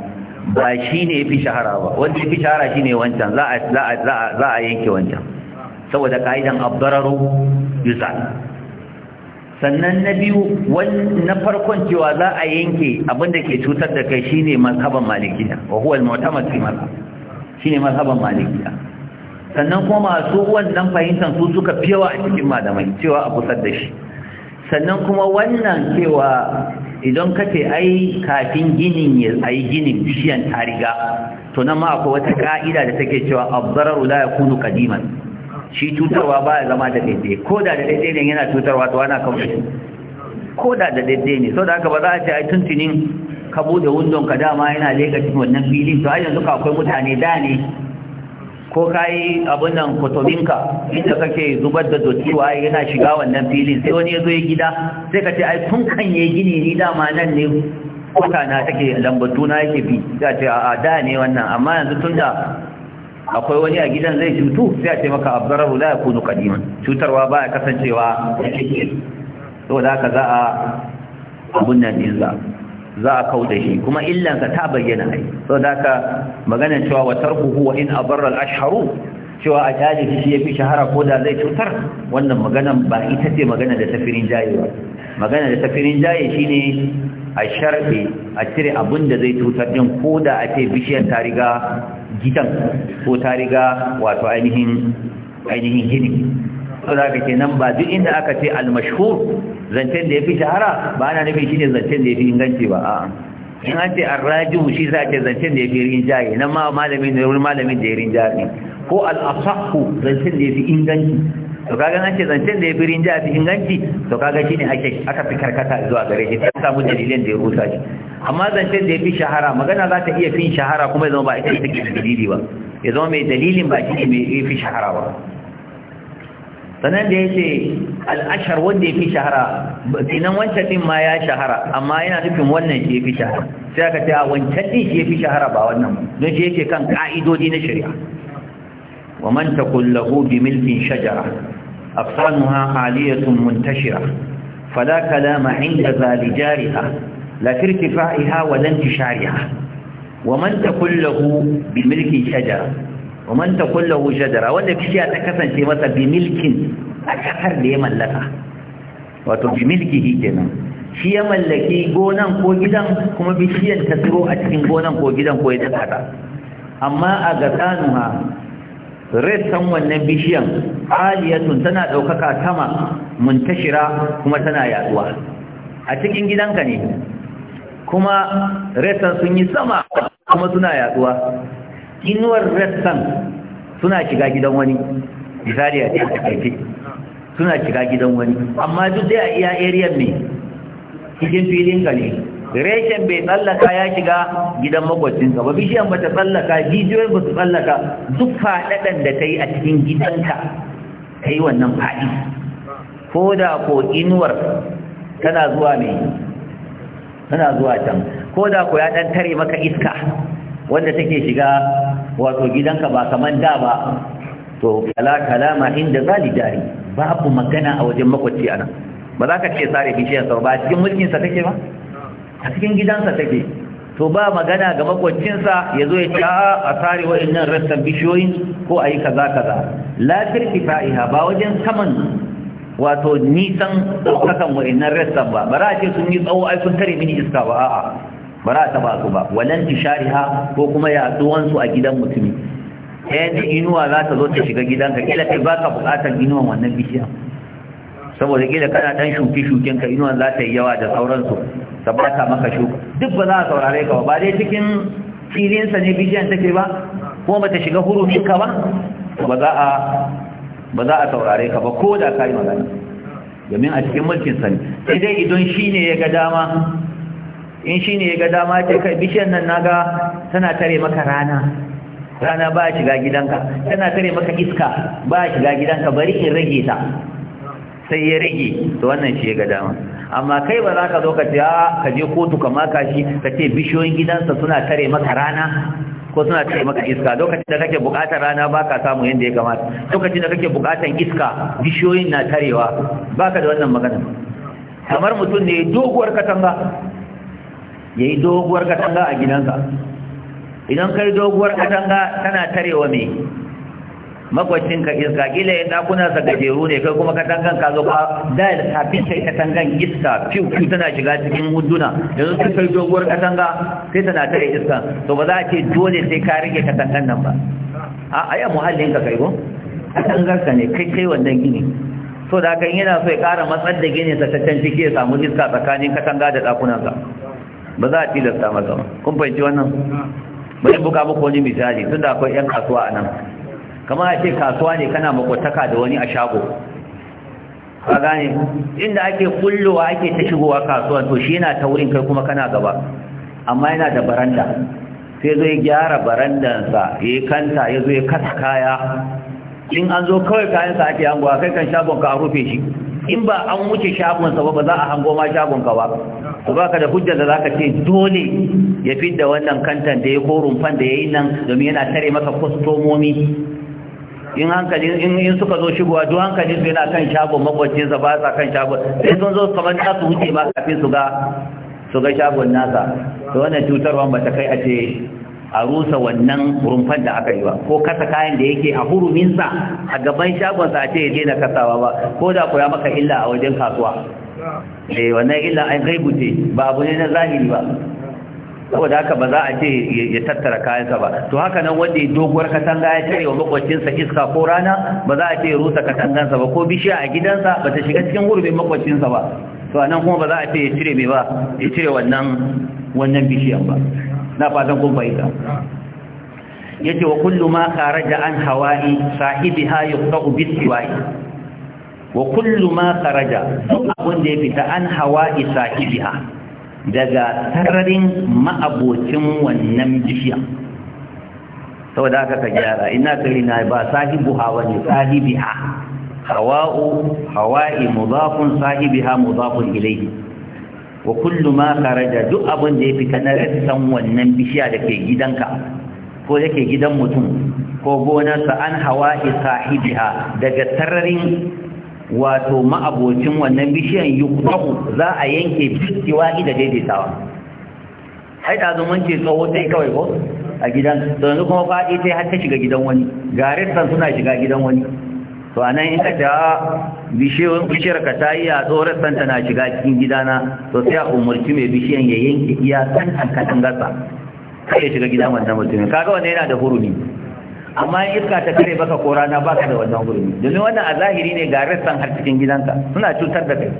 ba shine yafi shahara ba wanda yafi shahara shine wancan za a yanke wancan saboda kaidan abdararu yusa sannan na biyu na farkon cewa za a yanke abinda ke cutar da kai shine mazhaban malikiya wa huwa al-mu'tamad fi mazhab shine mazhaban malikiya sannan kuma masu wannan fahimtar su suka fi yawa a cikin malamai cewa a kusar da shi sannan kuma wannan cewa idan ka ce ai kafin ginin ya ai ginin bishiyan tariga riga to nan ma akwai wata ka'ida da take cewa abdararu la yakunu qadiman shi cutarwa ba ya zama da daidai ko da da daidai ne yana cutarwa to ana kawo shi ko da da daidai ne saboda da haka ba za a ce ai tuntunin ka bude windon ka dama yana leka cikin wannan filin to ai yanzu ka akwai mutane da ne ko kai abin nan kotominka inda kake zubar da doti wa yana shiga wannan filin sai wani ya zo ya gida sai ka ce ai tun kan ya gini ni dama nan ne kwata na take lambatu na yake bi sai a ce a da ne wannan amma yanzu tun da akwai wani a gidan zai cutu sai a ce maka abdarahu ya yakunu qadiman cutarwa baya kasancewa saboda haka za a abun nan din za za a kauda shi kuma illansa ta bayyana ai saboda haka magana cewa wa tarkuhu wa in abarra al-ashharu cewa a jali shi ya fi shahara ko da zai cutar wannan maganan ba ita ce magana da tafirin jayewa. ba magana da tafirin jaye shine a sharbe a cire abin da zai cutar din ko da a ce bishiyar ta riga gidan ko ta riga wato ainihin gini sau da ake nan ba duk inda aka ce al zancen da ya fi shahara ba ana nufin shi ne zancen da ya fi inganci ba a'a in an ce an raju shi za ce zancen da ya fi rinjaye nan ma malamin da malamin da ya rinjaye ko al zancen da ya fi inganci to kaga an ce zancen da ya birin ja fi inganci to kaga shine ake aka fi karkata zuwa gare shi sai samu dalilin da ya rusa shi amma zancen da ya fi shahara magana za ta iya fin shahara kuma ya zama ba ita take da dalili ba ya zama mai dalilin ba shi ne mai fi shahara ba sannan da ya ce al'ashar wanda ya fi shahara sinan wancan ɗin ma ya shahara amma yana nufin wannan shi ya fi shahara sai aka ce a wancan ɗin shi ya fi shahara ba wannan don shi yake kan ƙa'idodi na shari'a wa man ta kullahu bi milkin shajara أقسامها عالية منتشرة فلا كلام عند ذا لجارها لا في ارتفاعها ولا انتشارها ومن تكن له بملك شجرة ومن تكن له شجرة ولا كشيء تكسن شيء مثلا بملك أكثر لي من لها wato bi milkihi kenan shi ya mallaki gonan ko gidan kuma bishiyar ta tsiro a cikin gonan ko gidan ko ya tsada amma a ga tsanuha ressan wannan bishiyan aliyatun tana ɗaukaka sama muntashira kuma tana yaduwa a cikin gidanka ne kuma ressan sun yi sama kuma suna yaduwa inuwar ressan suna shiga gidan wani misali a cikin suna shiga gidan wani amma duk dai a iya area ne cikin filin ne reshen bai tsallaka ya shiga gidan makwabcinka ba bishiyan ba ta tsallaka jijiyoyin ba su tsallaka duk faɗaɗan da ta yi a cikin gidanka ta yi wannan faɗi ko da ko inuwar tana zuwa mai tana zuwa can ko da ko ya ɗan tare maka iska wanda take shiga wato gidanka ba kamar da ba to kala kalama inda zali jari babu magana a wajen makwabci anan ba za ka ce sare bishiyar sau ba cikin mulkinsa take ba a cikin gidansa take to ba magana ga makwancinsa ya zo ya ce a tsari wa'annan rassan bishiyoyin ko a yi kaza kaza lafiyar kifa'iha ba wajen saman wato nisan ɗaukakan wa'annan rassan ba bara a ce sun yi tsawo ai sun tare mini iska ba a'a bara ta ba su ba walan tishariha ko kuma yatsuwansu a gidan mutumi ɗaya da inuwa za ta zo ta shiga gidanka kila kai ba ka buƙatar inuwan wannan bishiyan saboda kila kana ɗan shuke-shuken ka inuwan za ta yi yawa da sauransu ta bata maka shuka duk ba za a saurare ka ba ba dai cikin filinsa ne bijiyan take ba ko ba ta shiga huruminka ba ba za a ba za a saurare ka ba ko da ka yi magana domin a cikin mulkin ne? sai dai idan shi ne ya ga dama in shi ne ya ga dama ce kai bishiyar nan naga tana tare maka rana rana ba a shiga gidanka tana tare maka iska ba a shiga gidanka bari in rage ta sai ya rage to wannan shi ya ga dama amma kai ba za ka zo ka je kotu ka maka shi ka ce bishiyoyin gidansa suna tare maka rana ko suna tare maka iska lokacin da kake bukatar rana ba ka samu yadda ya kamata lokacin da kake bukatar iska bishiyoyin na tarewa ba ka da wannan magana kamar mutum ne doguwar katanga ya yi doguwar katanga a gidansa idan kai doguwar katanga tana tarewa mai makwacin ka iska kila ya dakuna sa gajeru ne kai kuma tangan ka zo ka da kafin sai tangan iska fiu fiu tana shiga cikin wuduna yanzu sai kai doguwar katanga sai tana ta iska to ba za a ce dole sai ka rike katangan nan ba a aya muhallin ka kai ko katangar ka ne kai kai wannan gini to da kan yana so ya kara matsar da gini sa tattan ciki ya samu iska tsakanin katanga da dakunan ka ba za a tilasta ba kun fahimci wannan bari buka muku wani misali tunda akwai yan kasuwa a nan kama a ce kasuwa ne kana makwataka da wani a shago ka gane inda ake kullowa ake ta shigowa kasuwa to shi yana ta wurin kai kuma kana gaba amma yana da baranda sai zai gyara barandansa ya yi kanta ya zo ya kasa kaya in an zo kawai kayansa ake a kai kan shagonka a rufe shi in ba an wuce shagonsa ba ba za a hango ma shagonka ba to baka da hujjar da zaka ce dole ya fidda wannan kantan da ya ko rumfan da yayin nan domin yana tare maka kwastomomi in hankali in suka zo shigowa duk hankali su yana kan shagon makwacin sa ba sa kan shagon sai sun zo kamar za su wuce ma kafin su ga su ga shagon nasa to wannan cutarwa ba ta kai a ce a rusa wannan rumfan da aka yi ba ko kasa kayan da yake a huruminsa a gaban shagon sa a ce ya daina kasawa ba ko da ya maka illa a wajen kasuwa eh wannan illa an gaibu ce ba abu ne na zahiri ba saboda haka ba za a ce ya tattara kayansa ba to haka nan wanda ya doguwar katanga ya tare wa makwacinsa iska ko rana ba za a ce ya rusa katangansa ba ko bishiya a gidansa ba ta shiga cikin gurbin makwacinsa ba to a nan kuma ba za a ce ya cire mai ba ya cire wannan wannan bishiyan ba na fatan kun fahimta yace wa kullu ma kharaja an hawa'i sahibiha yuqta'u bisiwa'i wa kullu ma kharaja duk abin da ya fita an hawa'i sahibiha daga tararin ma'abocin wannan bishiya da haka ka gyara ina na ba sahibu hawa ne sahibi ha hawa'u hawa'i mudafun sahibi ha mudafun ilaihi wa kullu ma kharaja duk abin da ya fita na rassan wannan bishiya da ke gidanka ko yake gidan mutum ko gonarsa an hawa'i sahibiha daga tararin. wato ma'abocin wannan bishiyan yuqtahu za a yanke bikiwa da daidaitawa Sai da zumun ce tsoho sai kawai ko a gidan to yanzu kuma faɗi sai har ta shiga gidan wani garistan suna shiga gidan wani to anan in ka ta ah, bishiyar bishiyar ka ta yi a tsoron santa na shiga cikin gidana to sai a umarci mai bishiyan ya yanke iya kan kan katangarsa kai ya shiga gidan wannan mutumin kaga wannan yana da huruni amma in iska ta kare baka ko rana baka da wannan gurbi domin wannan a zahiri ne ga rassan har cikin gidanka suna cutar da kai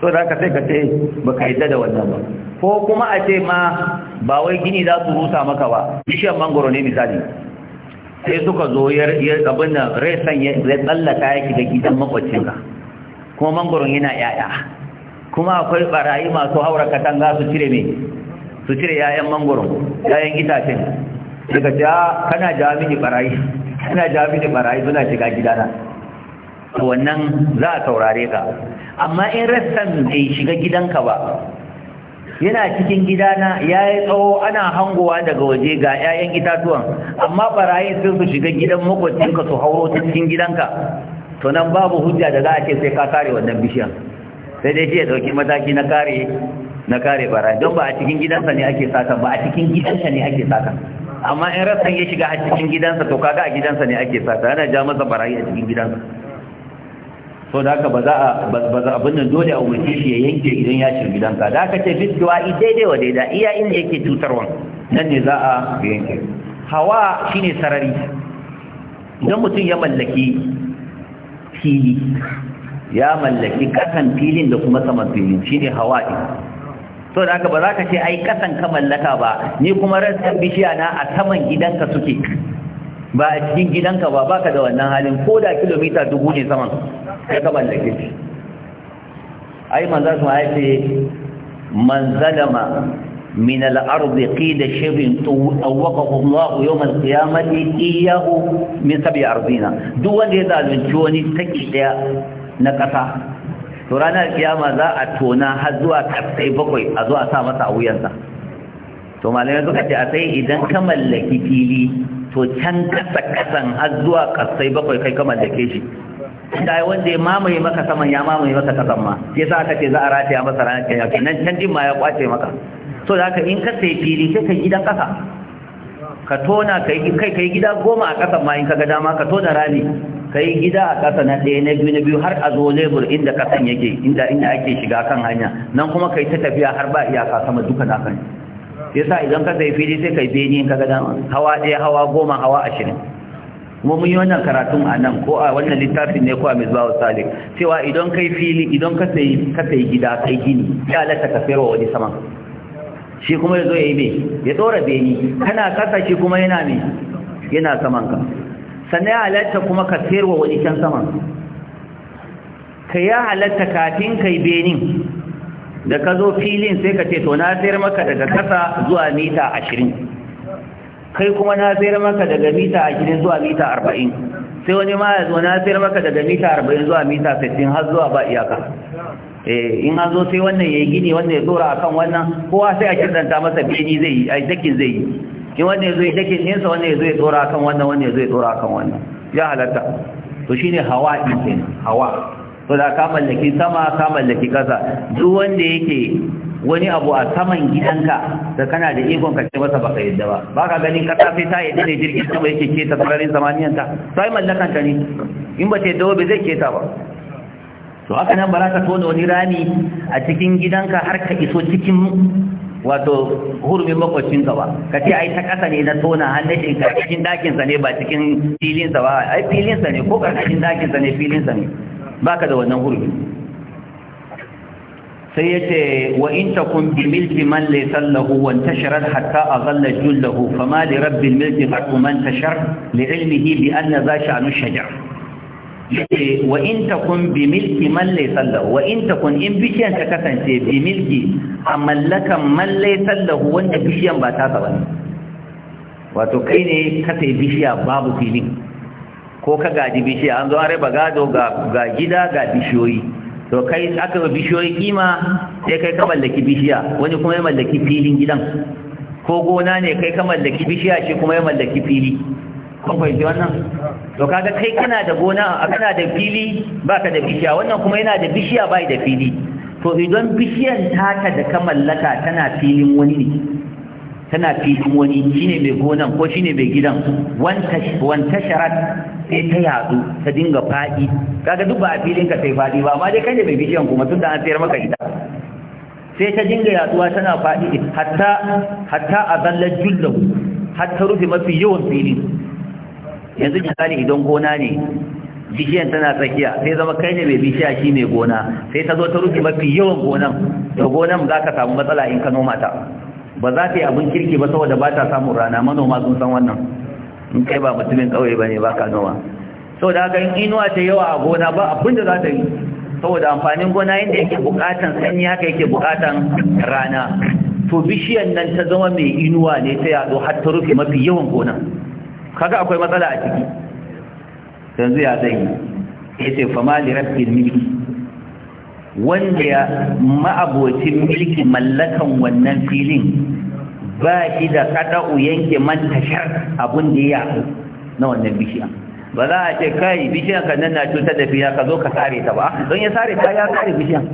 so da ka sai ka ce baka yadda da wannan ba ko kuma a ce ma ba wai gini za su rusa maka ba bishiyar mangoro ne misali sai suka zo abin da rassan ya tsallaka ya shiga gidan makwacinka kuma mangoron yana yaya kuma akwai barayi masu haura katanga su cire me su cire yayan mangoron yayan itacen daga ja ah, kana ja mini barayi kana ja mini barayi suna shiga gidana to wannan za a saurare ka amma in rassan bai shiga gidanka ba yana cikin gidana ya yi tsawo ana hangowa daga waje ga 'ya'yan itatuwan amma barayi sun su shiga gidan makwacinka su hauro cikin gidanka to nan babu hujja da za a ce sai ka kare wannan bishiyan sai dai shi ya dauki mataki na kare na kare barayi don ba a cikin gidansa ne ake sata ba a cikin gidansa ne ake sata amma in rassan ya shiga a cikin gidansa to kaga a gidansa ne ake sata yana ja masa barayi a cikin gidansa so da haka ba za a ba za abin nan dole a umarci shi ya yanke idan ya shiga gidansa da haka ce fitowa daidai wa daidai iya inda yake cutarwa nan ne za a yanke hawa shine sarari idan mutum ya mallaki fili ya mallaki kasan filin da kuma saman filin shine hawa din Sau da haka ba za ka ce ai kasan ka mallaka ba ni kuma rassan bishiya na a saman gidanka suke ba a cikin gidanka ba baka da wannan halin ko da kilomita dubu ne saman ya ka mallake shi ai manzo su ma ce man zalama min al-ard qida shibin tawaqahu Allah yawm al-qiyamati iyahu min sabi ardina duk wanda ya zalunci wani take daya na kasa to ranar kiyama za a tona har zuwa kasai bakwai a zuwa sa masa a wuyansa to malamai suka ce a sai idan ka mallaki fili to can kasa kasan har zuwa kasai bakwai kai ka mallake shi da wanda ya mamaye maka saman ya mamaye maka kasan ma ya sa aka ce za a rataya masa ranar kiyama nan can din ma ya kwace maka so da haka in ka sai fili sai ka gidan kasa ka tona kai kai gida goma a kasan ma in ka ga dama ka tona rami kai gida a ƙasa na ɗaya na biyu na biyu har a zo lebur inda ƙasan yake inda inda ake shiga kan hanya nan kuma kai ta tafiya har ba iyaka sama duka na kan yasa idan ka sai fili sai kai beni ka ga hawa ɗaya hawa goma hawa ashirin kuma mun yi wannan karatun a nan ko a wannan littafin ne ko a misbahu salik cewa idan kai fili idan ka sai ka sai gida kai gini ya ka fero wani sama shi kuma ya zo ya yi me ya tsora beni kana ƙasa shi kuma yana me yana saman ka sannan halatta kuma ka sayarwa wani can sama ka ya halatta kafin kai benin da ka zo filin sai ka ce to na sayar maka daga kasa zuwa mita ashirin kai kuma na sayar maka daga mita ashirin zuwa mita arba'in sai wani ma ya zo na sayar maka daga mita arba'in zuwa mita sittin har zuwa ba iyaka eh, in an zo sai wannan ya yi gini wannan ya tsora a kan wannan kowa sai a kirɗanta masa beni zai yi a dakin zai yi in wannan ya zo ya dake nesa wannan ya zo ya tsora kan wannan wannan ya zo ya tsora kan wannan ya halatta to shine hawa din hawa to da ka mallaki sama ka mallaki kasa duk wanda yake wani abu a saman gidanka da kana da ikon ka ce masa baka yadda ba baka ganin kasa sai ta yadda ne jirgin sama yake ke ta sararin samaniyar ta sai mallakan ta ne in ba ta yadda ba zai ke ta ba to haka nan ba za ka tona wani rami a cikin gidanka har ka iso cikin wato hurumin makwacin gaba ba ka ce ai ta kasa ne na tona hannun ka cikin dakin sa ne ba cikin filin sa ba ai filin sa ne ko karkashin dakin sa ne filin sa ne baka da wannan hurumi sai yace wa in takun bi milki man laysa lahu wa intasharat hatta azalla jullahu fama li rabbil milki qad tashar li ilmihi bi anna za sha'nu shajar yake wa in takun bi milki man laysa lahu wa in takun in bishiyan ta kasance bi milki a mallakan man laysa lahu wanda bishiyan ba ta saba ne wato kai ne ka sai bishiya babu filin ko ka gaji bishiya an zo an raba gado ga ga gida ga bishiyoyi to kai aka ba bishiyoyi kima sai kai ka mallaki bishiya wani kuma ya mallaki filin gidan ko gona ne kai ka mallaki bishiya shi kuma ya mallaki fili kun fahimci wannan to kaga kai kana da gona kana da fili baka da bishiya wannan kuma yana da bishiya bai da fili to idan bishiyar taka da ka mallaka tana filin wani ne tana filin wani shine mai gonan ko shine mai gidan wanta sharat sai ta yadu, ta dinga faɗi kaga duk ba a filin ka sai faɗi ba amma dai kai ne mai bishiyan kuma tunda an sayar maka ita sai ta dinga yaduwa tana faɗi hatta hatta a jullahu hatta rufe mafi yawan filin yanzu misali idan gona ne bishiyan tana tsakiya sai zama kai ne mai bishiya shi mai gona sai ta zo ta rufe mafi yawan gonan to gonan za ka samu matsala in ka noma ta ba za ta yi abin kirki ba saboda ba ta samun rana manoma sun san wannan in kai ba mutumin ƙauye ba ne ba ka noma saboda haka in inuwa ta yawa a gona ba abin da za ta yi saboda amfanin gona yadda yake bukatan sanyi haka yake bukatan rana to bishiyan nan ta zama mai inuwa ne ta yado har ta rufe mafi yawan gonan kaga akwai matsala a ciki yanzu ya zai yi ya ce fama rabbin milki wanda ya ma'abocin milki mallakan wannan filin ba shi da kada'u yanke mantashar abin da ya yi na wannan bishiya ba za a ce kai bishiyan ka nan na cutar da fiya ka zo ka sare ta ba don ya sare ta ya sare bishiyan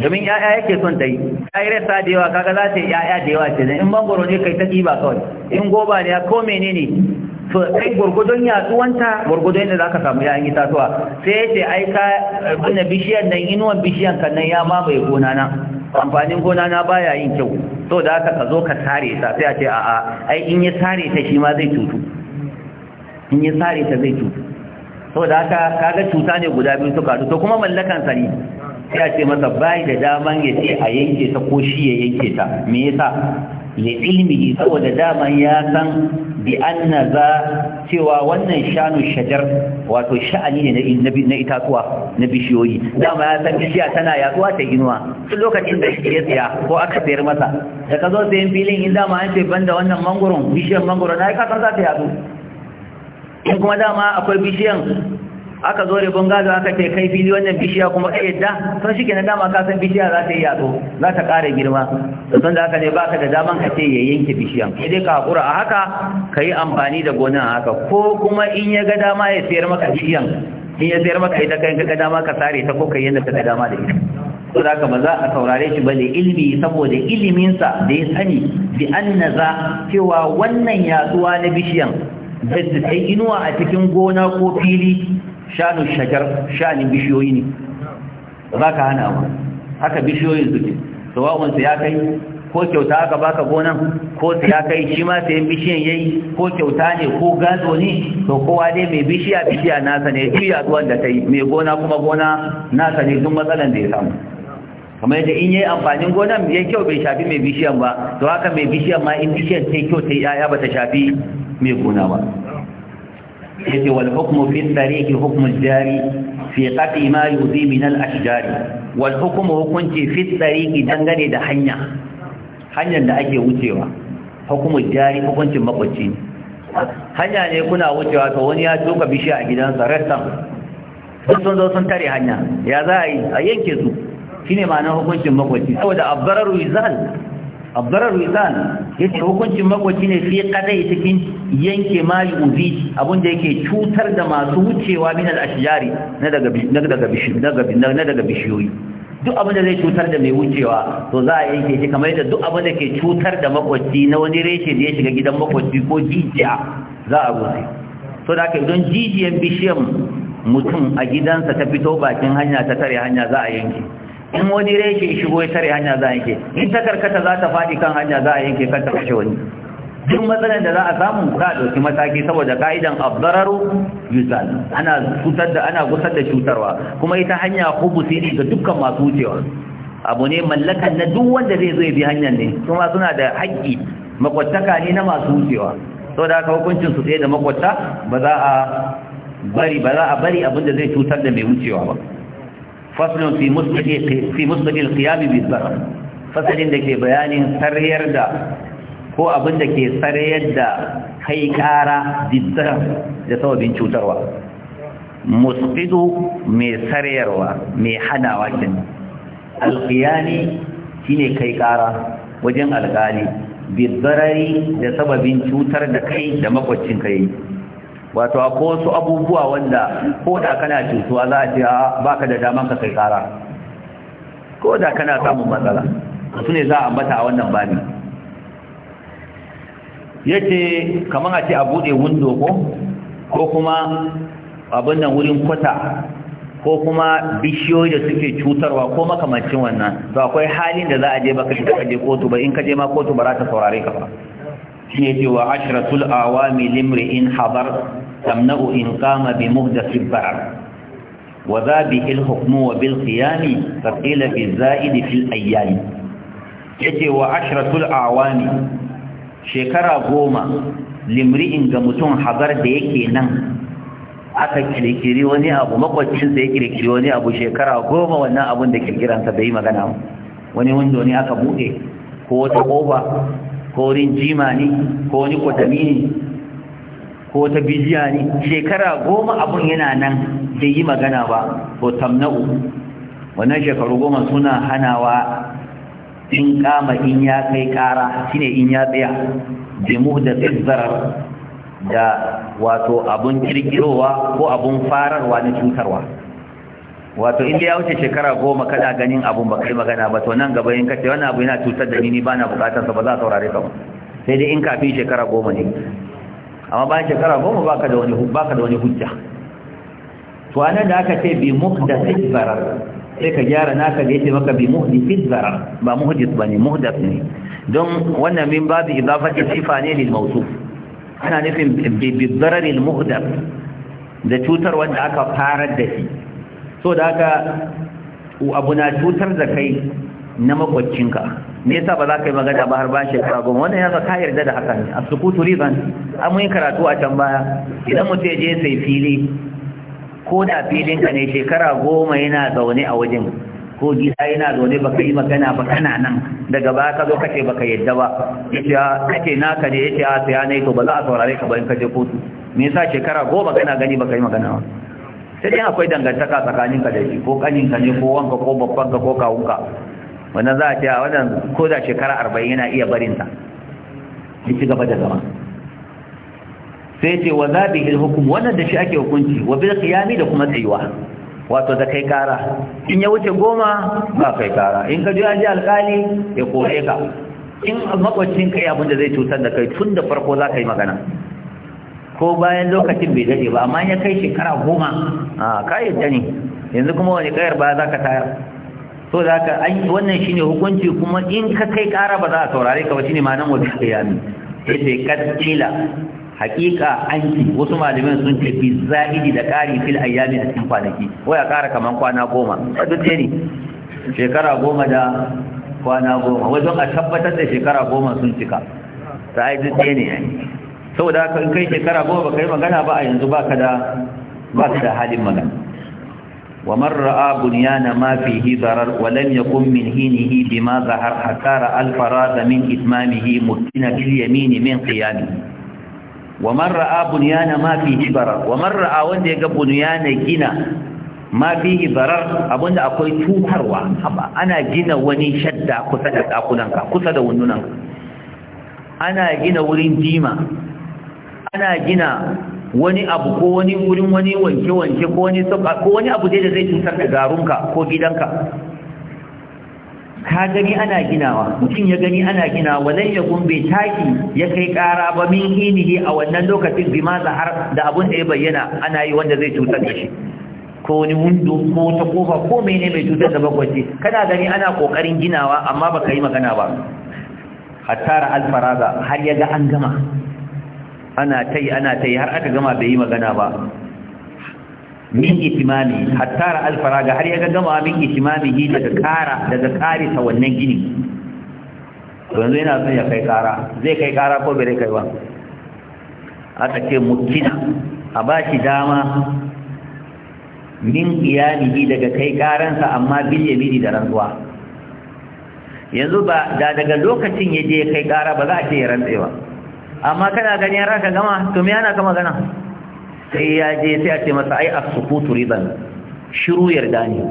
domin ya'ya yake son ta yi ta yi rasa da yawa kaga za ta yi ya'ya da yawa ce in mangoro ne kai ta ɗiba kawai in goba ne ko menene so kai gurgudun yatsuwanta gurgudun da zaka samu yayin itatuwa sai yace ai ka kunna bishiyan nan inuwan bishiyan kan nan ya mamaye gona na amfanin gona na baya yin kyau so da haka ka zo ka tare ta sai a ce a'a ai in ya tare ta shi ma zai cutu in ya tare ta zai cutu so da haka kaga cuta ne guda biyu suka to kuma mallakan sani sai a ce masa bai da daman ya ce a yanke ta ko shi ya yanke ta me yasa ilimi saboda daman ya san bi anna za cewa wannan shanu shajar wato sha'ani ne na itatuwa na bishiyoyi dama ya san bishiya tana yaduwa ta inuwa tun lokacin da shi ya tsaya ko aka sayar masa da ka zo sayan filin in dama an ce banda wannan mangoron bishiyar mangoron na ya kasar za ta yadu in kuma dama akwai bishiyan aka zo ribon gado aka ce kai fili wannan bishiya kuma ka yadda sun shi kenan dama ka san bishiya za ta yi yazo za ta ƙara girma da sun da aka ne baka da daman ka ce ya yanke bishiyan sai dai ka haƙura a haka ka yi amfani da gonan a haka ko kuma in ya ga dama ya sayar maka bishiyan in ya sayar maka ita kai ga dama ka sare ta ko kai yadda ka ga dama da ita ko za ka ba za a saurare shi ba da ilimi saboda iliminsa da ya sani bi annaza cewa wannan yatsuwa na bishiyan da ta inuwa a cikin gona ko fili shanu shajar shani bishiyoyi ne za ka hana ba haka bishiyoyin suke sawa'unsa ya kai ko kyauta aka baka gonan ko ya kai shi ma yin bishiyan yayi ko kyauta ne ko gado ne to kowa dai mai bishiya bishiya nasa ne shi zuwan da ta yi mai gona kuma gona nasa ne duk matsalan da ya samu kamar yadda in yi amfanin gonan ya kyau bai shafi mai bishiyan ba to haka mai bishiyan ma in bishiyan ta kyau ta yi ya ba ta shafi mai gona ba yace wal hukmu fi tariqi hukmu jari fi qati ma yuzi min al ashjari wal hukmu hukunci fi tariqi dangane da hanya hanyar da ake wucewa hukumu jari hukuncin makwacci hanya ne kuna wucewa to wani ya tuka bishiya a gidansa rastan sun zo sun tare hanya ya za a yi a yanke su shine ma'anar hukuncin makwacci saboda abbararu izal abdarar wisan ya ce hukuncin magwaci ne fi kadai cikin yanke mayu uzi abinda yake cutar da masu wucewa min al'ashiyari na daga bishiyoyi duk abinda zai cutar da mai wucewa to za a yanke shi kamar yadda duk abinda ke cutar da makwaci na wani reshe da ya shiga gidan makwaci ko jijiya za a rufe so da ka don jijiyan bishiyan mutum a gidansa ta fito bakin hanya ta tare hanya za a yanke in wani reshe shigo ya tare hanya za a yanke in ta karkata za ta faɗi kan hanya za a yanke kan ta kashe wani duk matsalar da za a samu za a ɗauki mataki saboda ka'idan abdararu yuzal ana cutar da ana gusar da cutarwa kuma ita hanya hubusi ne ga dukkan masu wucewa abu ne mallakan na duk wanda zai zo ya bi hanyar ne kuma suna da haƙƙi makwattaka ne na masu wucewa saboda haka hukuncin su tsaye da makwatta ba za a bari ba za a bari abin da zai cutar da mai wucewa ba faslun fi musbaqi fi musbaqi alqiyam bizbar fasalin da ke bayanin sarriyar da ko abin da ke sarriyar da kai kara bizbar da sabbin cutarwa musqidu mai sarriyarwa mai hadawa kin alqiyami shine kai kara wajen alqali bizbarari da sabbin cutar da kai da makwacin kai wato akwai wasu abubuwa wanda ko da kana cutuwa za a ce baka da daman ka kai kara ko da kana samun matsala su ne za a ambata a wannan bani ce kamar a ce a bude window ko ko kuma abin nan wurin kwata ko kuma bishiyoyi da suke cutarwa ko makamancin wannan to akwai halin da za a je baka shi ka je kotu ba in ka je ma kotu ba za ta saurare ka ba shi ne cewa ashratul awami in habar تمنع إن قام بمهدث البعر وذا به الحكم وبالقيام فقيل بالزائد في الأيام يتي وعشرة الأعوام شكرا قوما limri'in ga mutum hazar da yake nan aka kirkiri wani abu da ya kirkiri wani abu shekara goma wannan abun da kirkiransa bai magana wani wando ne aka buɗe ko wata ƙofa ko rin jima ne ko wani kwatami ne ko ta bijiya ne shekara goma abun yana nan da yi magana ba ko tamna'u wannan shekaru goma suna hanawa in kama in ya kai kara ne in ya tsaya jimu da zarar da wato abun kirkirowa ko abun fararwa na cutarwa wato in ya wuce shekara goma kada ganin abun ba kai magana ba to nan gaba in kashe wannan abu yana cutar da ni ni na bukatar sa ba za a saurare ka ba sai dai in kafin shekara goma ne amma bayan shekara goma baka da wani baka da wani hujja to anan da aka ce bi muhdath zarar sai ka gyara naka da yake maka bi muhdith zarar ba muhdith bane muhdath ne don wannan min babu idafati sifa ne lil mawsuf ana nufin bi zarar al muhdath da cutar wanda aka farar da shi so da haka abu na cutar da kai na makwacinka me yasa ba za ka yi magana ba har ba shekara goma wannan ya ka yarda da haka ne a sukutu riban an mun karatu a can baya idan mutum ya je sai fili ko da filin ka ne shekara goma yana zaune a wajen ko gida yana zaune baka yi magana ba kana nan daga baya ka zo kace baka yadda ba yace kace naka ne yace a tsaya ne to ba za a saurare ka ba in ka je kotu me yasa shekara goma kana gani baka yi magana ba sai dai akwai dangantaka tsakaninka da shi ko kaninka ne ko wanka ko babbanka ko kawunka wannan za a ce a wannan ko da shekara arba'in yana iya barinta ya ci gaba da zama sai ce wa zaɓi hukum wannan da shi ake hukunci wa bil qiyami da kuma tsayuwa wato da kai kara in ya wuce goma ba kai kara in ka ji an ji alƙali ya kore ka in makwacin kai abin da zai cutar da kai tun da farko za ka yi magana ko bayan lokacin bai daɗe ba amma ya kai shekara goma a ka ne yanzu kuma wani kayar ba za ka tayar so da haka wannan shine hukunci kuma in ka kai ƙara ba za a saurare ka ba shine ma nan wata kiyami sai sai kaddila haƙiƙa anki wasu malaman sun ce bi za'idi da ƙari fil ayyami da kwanaki waya ƙara kaman kwana goma duk ce ne shekara goma da kwana goma wajen a tabbatar da shekara goma sun cika ta yi duk ce ne saboda haka in kai shekara goma ba kai magana ba a yanzu ba ka da halin magana wa man ra'a bunyana ma fihi darar wa lam yakun min hinihi bima zahar hakara al farada min itmamihi mutina bil yamin min qiyami wa bunyana ma fihi darar wa man ra'a bunyana gina ma fihi darar akwai tukarwa ana gina wani shadda kusa da dakunan kusa da wundunan ana gina wurin jima ana gina wani abu ko wani gurin wani wanke-wanke ko wani sauka ko wani abu dai da zai cutar da garunka ko gidanka ka gani ana ginawa mutum ya gani ana gina walai ya gumbe taki ya kai kara ba min inihi a wannan lokacin bima har da abun da ya bayyana ana yi wanda zai cutar da shi ko wani wundo ko ta kofa ko mene mai cutar da bakwai kana gani ana kokarin ginawa amma baka yi magana ba al alfaraza har ya ga an gama ana ta yi ana ta yi har aka gama bai yi magana ba min itimami hatta ra alfaraga har ya gama min hi daga kara daga kare ta wannan gini to yanzu yana son ya kai kara zai kai kara ko bai kai ba aka ce mukina a ba shi dama min hi daga kai karansa amma bil yamini da rantsuwa yanzu ba da daga lokacin ya je kai kara ba za a ce ya rantse ba amma kana gani har aka gama to me yana ka magana sai ya je sai a ce masa ai as-sukutu riban shiru yarda ne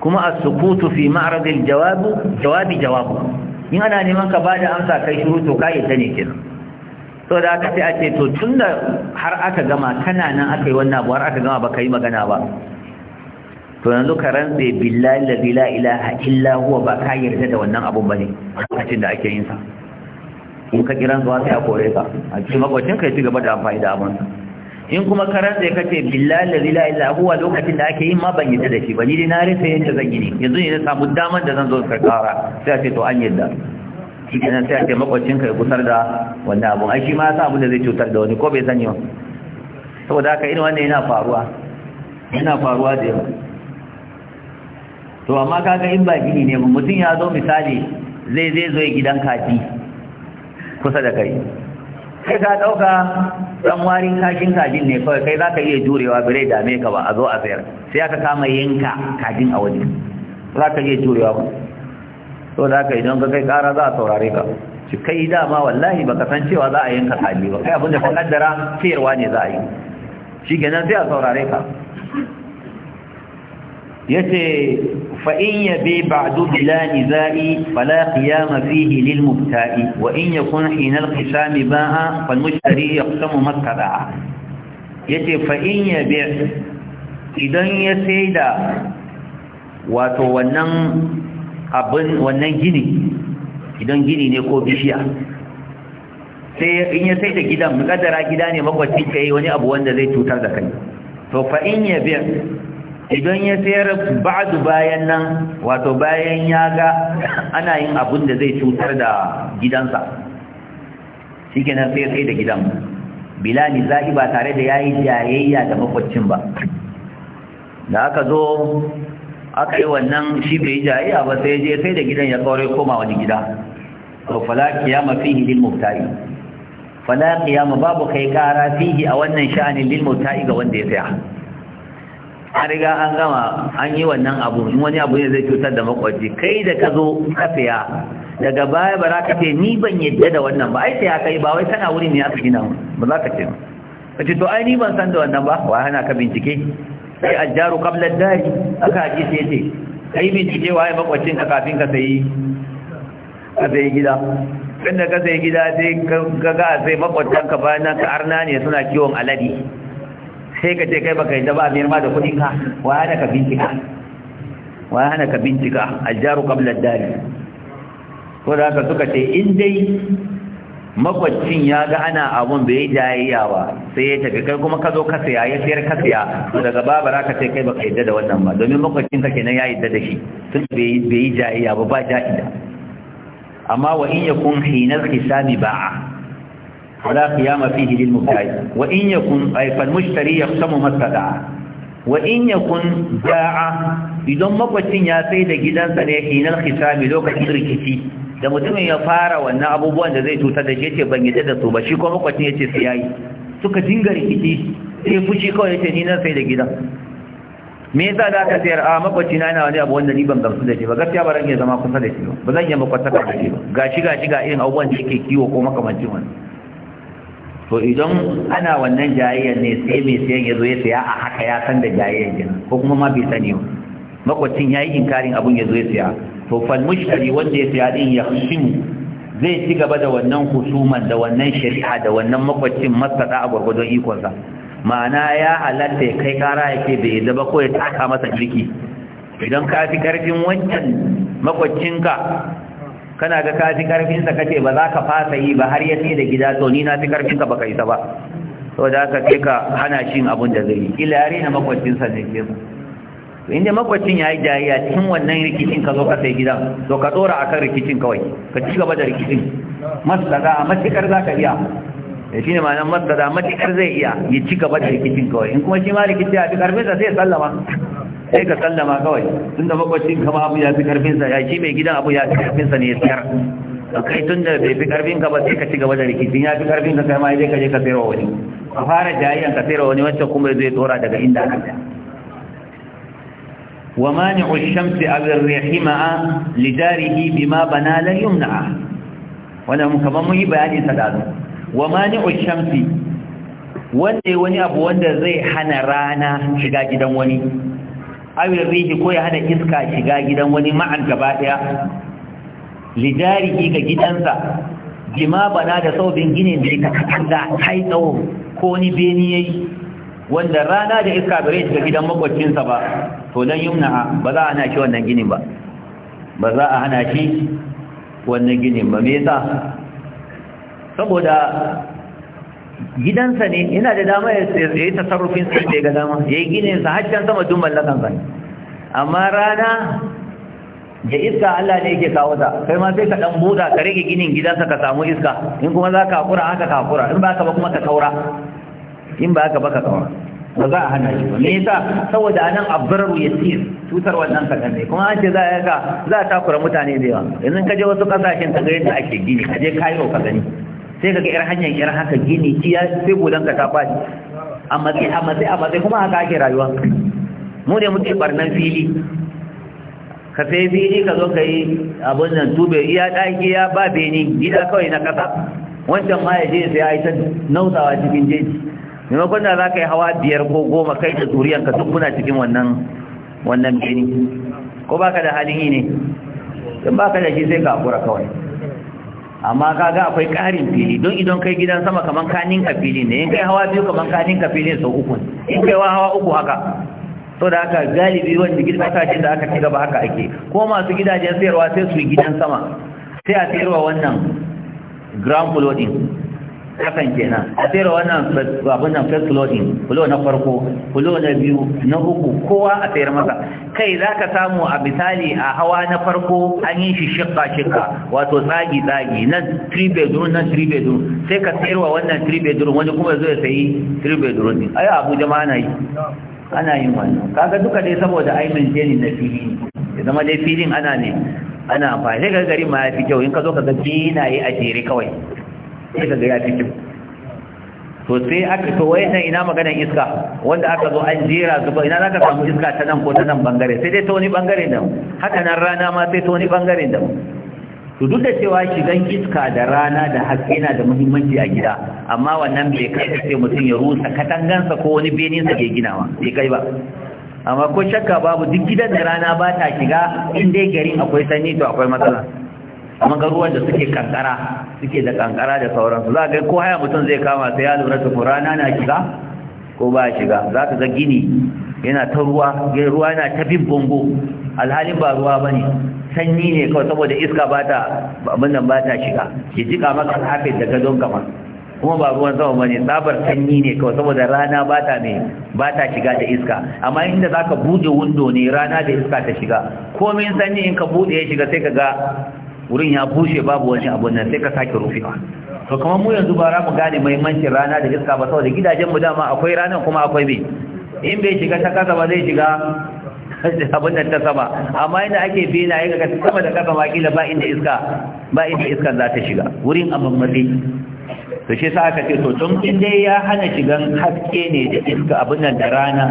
kuma as-sukutu fi ma'rad al-jawab jawabi jawabu in ana neman ka bada amsa kai shiru to kai ta ne kenan to da aka sai a ce to tunda har aka gama kana nan aka yi wannan abu har aka gama ba kai magana ba to yanzu ka rantsa billahi la ilaha illa huwa ba ka yarda da wannan abun bane a cikin da ake yin sa in ka kiran zuwa sai a kore ka a cikin makwacin ka ya ci gaba da amfani da abin in kuma karan ka kace billahi la ilaha illa huwa lokacin da ake yin ma ban yadda da shi ba ni na rufe yadda zan yi ne yanzu ne na samu daman da zan zo ka kara sai a ce to an yadda shi kenan sai a ce makwacin ka ya kusar da wannan abun ai shi ma yasa sa abin da zai cutar da wani ko bai sani ba saboda haka irin wannan yana faruwa yana faruwa da yawa to amma kaga in ba gini ne mutum ya zo misali zai zai zo gidan kaji kusa da kai kai ka ɗauka ɗan warin kashin kajin ne kawai kai za ka iya jurewa birai dame ka ba a zo a sayar sai aka kama yanka kajin a waje za ka iya jurewa ba so da haka idan ka kai ƙara za a saurare ka shi kai dama wallahi ba ka san cewa za a yanka kaji ba kai abinda ka kaddara sayarwa ne za a yi shi kenan sai a saurare ka yace فإن يبي بعد بلا نزاء فلا قيام فيه للمبتاء وإن يكون حين القسام باء فالمشتري يقسم ما استدعى yace fa in ya bi idan ya saida wato wannan abin wannan gini idan gini ne ko bishiya sai in ya saida gidan mukaddara gida ne makwacin kai wani abu wanda zai cutar da kai to fa ya bi idan ya sayar ba'du bayan nan wato bayan ya ga ana yin abun da zai cutar da gidansa shikenan sai sai da gidan bilani zai ba tare da yayi jayayya da makwacin ba da aka zo aka yi wannan shi bai jayayya ba sai je sai da gidan ya kaure koma wani gida to fala kiyama fihi lil mubta'i fala kiyama babu kai kara fihi a wannan sha'anin lil mubta'i ga wanda ya tsaya an riga an gama an yi wannan abu in wani abu ne zai cutar da makwabci kai da ka zo kafiya daga baya ba za ka ce ni ban yadda da wannan ba ai sai ya kai ba wai kana wuri ne aka gina ba za ka ce ba ce to ai ni ban san da wannan ba wa hana ka bincike sai jaru qabla dari aka haji sai ce kai bincike ai makwabcin ka kafin ka sayi ka sayi gida da ka sayi gida sai ka ga sai makwatanka bayan ka arna ne suna kiwon alade sai ka ce kai baka yi ba biyar ma da kuɗin ka wa hana ka bincika wa hana ka bincika aljaru qabla dari ko da haka suka ce in dai makwacin ya ga ana abun bai yi jayayya ba sai ya tafi kai kuma ka zo ka saya ya sayar ka saya to daga ra ka ce kai baka yadda da wannan ba domin makwacin ka kenan ya yadda da shi tun bai yi jayayya ba ba ja'ida amma wa in yakun hinal hisabi ba'a ولا قيام فيه للمبتاع وإن يكن أي فالمشتري يقسم ما استدعى وإن يكن باع إذا ما قلت يا سيد جدا سنين الخسام لوك الركتي da mutumin ya fara wannan abubuwan da zai cutar da shi yace ban yadda da su ba shi kuma makwacin yace sai yayi suka dinga rikici sai fushi kawai ya ce ni nan sai da gidan me yasa da aka sayar a makwaci na yana wani abu wanda ni ban gamsu da shi ba gaskiya ba ran iya zama kusa da shi ba ba zan iya makwata da shi ba gashi gashi ga irin abubuwan da yake kiwo ko makamancin wannan to idan ana wannan jayayyar ne sai mai sayan ya zo ya saya a haka ya san da jayayyar gina ko kuma ma bai sani ba makwacin ya yi inkarin abun ya zo ya saya to fal mushtari wanda ya saya din ya shimu zai ci gaba da wannan husuman da wannan shari'a da wannan makwacin masada a gwargwadon ikonsa ma'ana ya halatta ya kai kara ya ce bai zaba ko ya taka masa kirki idan ka fi karfin wancan makwacinka kana ga ka ji karfin sa kace ba za ka fasa yi ba har ya ce da gida to ni na fi karfin ka baka isa ba saboda haka ce ka hana shi abun da zai yi ila yare na makwacin sa ne ke to inda makwacin yayi jayayya cikin wannan rikicin ka zo ka sai gida, to ka dora akan rikicin kawai ka ci gaba da rikicin masdada matikar za ka iya da eh, shi ne ma'anar masdada matikar zai iya ya ci gaba da rikicin kawai in kuma shi ma rikicin ya fi karfin sa sai sallama sai ka sallama kawai tun da makwacin kama abu ya fi karfinsa ya shi mai gidan abu ya fi karfinsa ne ya siyar kai tun da bai fi karfin ba sai ka ci gaba da rikicin ya fi karfin ka kai ma je ka je ka sayar wa wani a fara jayayyan ka sayar wa wani wancan kuma zai tsora daga inda aka tsaya wa mani'u shamsi aw ar-rihima li darihi bima bana la yumna'a wannan kaman mun yi bayani sadazu wa mani'u shamsi wanda wani abu wanda zai hana rana shiga gidan wani awi rihi ko ya hana iska shiga gidan wani ma'an gaba daya lidarihi ga gidansa jima bana da saubin ginin da ya katanga kai tsawo ko ni beni yayi wanda rana da iska bare shiga gidan makwacinsa ba to dan yumna ba za a hana shi wannan ginin ba ba za a hana shi wannan ginin ba me yasa saboda gidansa ne yana da dama ya yi tasarrufin sai da ya ga dama ya yi gini sa hajjan sama dun mallakan sa amma rana da iska Allah ne yake kawo ta kai ma sai ka dan buda ka rage ginin gidansa ka samu iska in kuma za ka hakura haka ka hakura in ba ka ba kuma ka kaura in ba ka ba ka kaura ba za a hana shi ba me yasa saboda anan ya yasir tutar wannan kadan ne kuma an ce za a yaka za a takura mutane da yawa yanzu ka je wasu kasashen ka ga yadda ake gini ka je kayo ka gani sai kaga yar hanyar yar haka gini jiya sai godan ka ta faɗi a sai amma sai amma sai kuma haka ake rayuwa mu ne muke barnan fili ka sai fili ka zo ka yi abin nan tube iya ɗaki ya ba beni gida kawai na ƙasa wancan ma ya je sai ya yi ta nausawa cikin jeji maimakon da za ka yi hawa biyar ko goma kai da turiyan ka duk kuna cikin wannan wannan gini ko baka da halin yi ne in baka da shi sai ka hakura kawai amma kaga akwai ƙarin fili don idan kai gidan sama kaman kanin ka fili ne in kai hawa biyu kaman kanin ka fili sau uku in kai hawa uku haka to da haka galibi wanda gidajen da aka ci gaba haka ake ko masu gidajen sayarwa sai su gidan sama sai a sayarwa wannan ground floor kasan kenan a tsere wannan abin nan first loading fulo na farko fulo na biyu na uku kowa a tsayar masa kai za ka samu a misali a hawa na farko an yi shi shiƙa-shiƙa wato tsagi-tsagi nan 3 bedroom nan 3 bedroom sai ka wa wannan 3 bedroom wani kuma zo ya sayi 3 bedroom din abu abuja ma ana yi ana yin wannan kaga duka dai saboda ai maintaining na fili ya zama dai filin ana ne ana amfani sai ga gari ma ya fi kyau in ka zo ka ga yi a jere kawai sai ka ga ya cikin to sai aka to wayannan ina maganan iska wanda aka zo an jera su ina zaka samu iska ta nan ko ta nan bangare sai dai ta wani bangare da haka nan rana ma sai ta wani bangare da to duk da cewa shigan iska da rana da haske yana da muhimmanci a gida amma wannan bai kai sai mutum ya rusa katangansa ko wani benin sa ke ginawa bai kai ba amma ko shakka babu duk gidan da rana ba ta shiga in dai gari akwai sanyi to akwai matsala amma garuwan da suke kankara suke da kankara da sauransu za ga ko haya mutum zai kama sai ya lura ta rana na shiga ko ba shiga za ka ga gini yana ta ruwa ruwa yana ta bin bongo alhalin ba ruwa ba ne sanyi ne kawai saboda iska ba ta abin nan ba ta shiga ki jika maka hafi da gadon kama kuma ba ruwan sama ba ne tsabar sanyi ne kawai saboda rana ba ta ne ba ta shiga da iska amma inda za ka buɗe windo ne rana da iska ta shiga komai sanyi in ka buɗe ya shiga sai ka ga wurin ya bushe babu wani abu nan sai ka sake rufewa to kamar mu yanzu ba mu gane muhimmancin rana da iska ba saboda gidajen mu dama akwai ranan kuma akwai bai in bai shiga ta kasa ba zai shiga abin da ta sama amma inda ake bena ya ga sama da kasa kila ba inda iska ba inda iska za ta shiga wurin amma matsi to shi sa aka ce to tun in dai ya hana shigan haske ne da iska abin nan da rana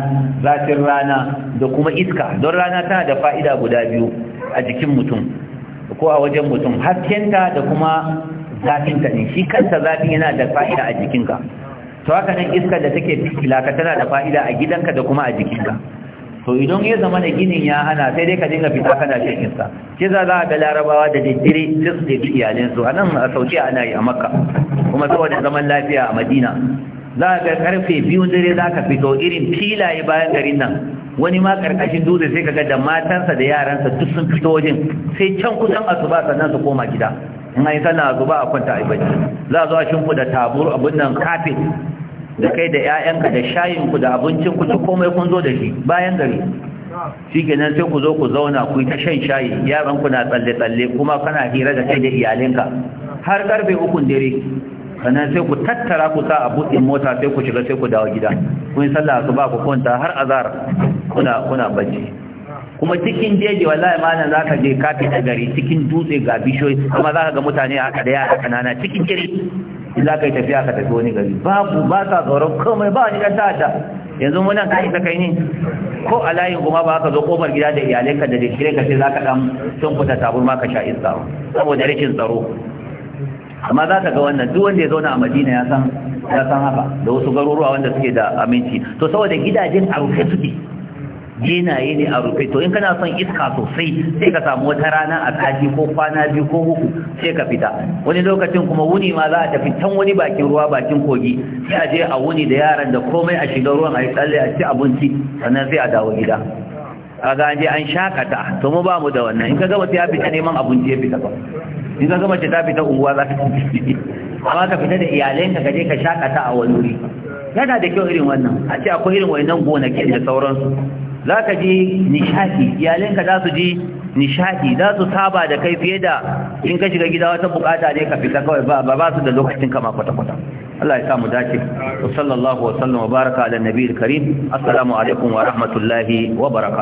zafin rana da kuma iska don rana tana da fa'ida guda biyu a jikin mutum ko a wajen mutum haskenta da kuma zafinta ne shi kansa zafin yana da fa'ida a jikinka to haka nan iskar da take fitila tana da fa'ida a gidanka da kuma a jikinka to idan ya zama da ginin ya hana sai dai ka dinga fita kana shan iska ke za za ga larabawa da daddare duk da bi iyalinsu a nan a sauki ana yi a makka kuma saboda zaman lafiya a madina za ga karfe biyu dare za ka fito irin filaye bayan garin nan wani ma karkashin dutse sai kaga da matansa da yaransa duk sun fito wajen sai can kusan asuba sannan su koma gida in ai sallah asuba a kwanta a bacci za a zo a shimfida tabur abun nan kafin da kai da ƴaƴanka da shayinku da abincin ku duk komai kun zo da shi bayan gari shi kenan sai ku zo ku zauna ku yi ta shan shayi Yaran ku na tsalle-tsalle kuma kana hira da kai da iyalinka har karfe ukun dare sannan sai ku tattara ku sa a buɗin mota sai ku shiga sai ku dawo gida kun sallah su ba ku kwanta har azar kuna kuna bacci kuma cikin jeji wallahi malam zaka je ka fita gari cikin dutse ga bishoyi kuma zaka ga mutane haka da yara kanana cikin jiri za ka yi tafiya ka tafi wani gari babu ba sa tsoron komai ba ni dan ta'adda yanzu mun nan kai kai ne ko a layin kuma ba ka zo kofar gida da ka da dikire ka sai zaka dan tunkuta tabur ma ka sha iska saboda rikin tsaro amma za ka ga wannan duk wanda ya zauna a madina ya san ya san haka da wasu garuruwa wanda suke da aminci to saboda gidajen a rufe suke genaye ne a rufe to in kana son iska sosai sai ka samu wata rana a sati ko kwana biyu ko uku sai ka fita wani lokacin kuma wuni ma za a tafi can wani bakin ruwa bakin kogi sai a je a wuni da yaran da komai a shiga ruwan a yi tsalle a ci abinci sannan sai a dawo gida a ga an je an shakata to mu ba mu da wannan in ka gama sai ya fita neman abinci ya fita ba in ka gama ce ta fita unguwa za ka amma ka fita da iyalanka ka je ka shakata a wani yana da kyau irin wannan a ce akwai irin wannan gonakin da sauransu za ka ji nishadi iyalanka za su ji nishadi za su saba da kai fiye da in ka shiga gida wata bukata ne ka fita kawai ba ba su da lokacin kama kwata-kwata Allah ya samu dace sallallahu wa sallam wa baraka ala nabiyil karim assalamu alaikum wa rahmatullahi wa barakatuh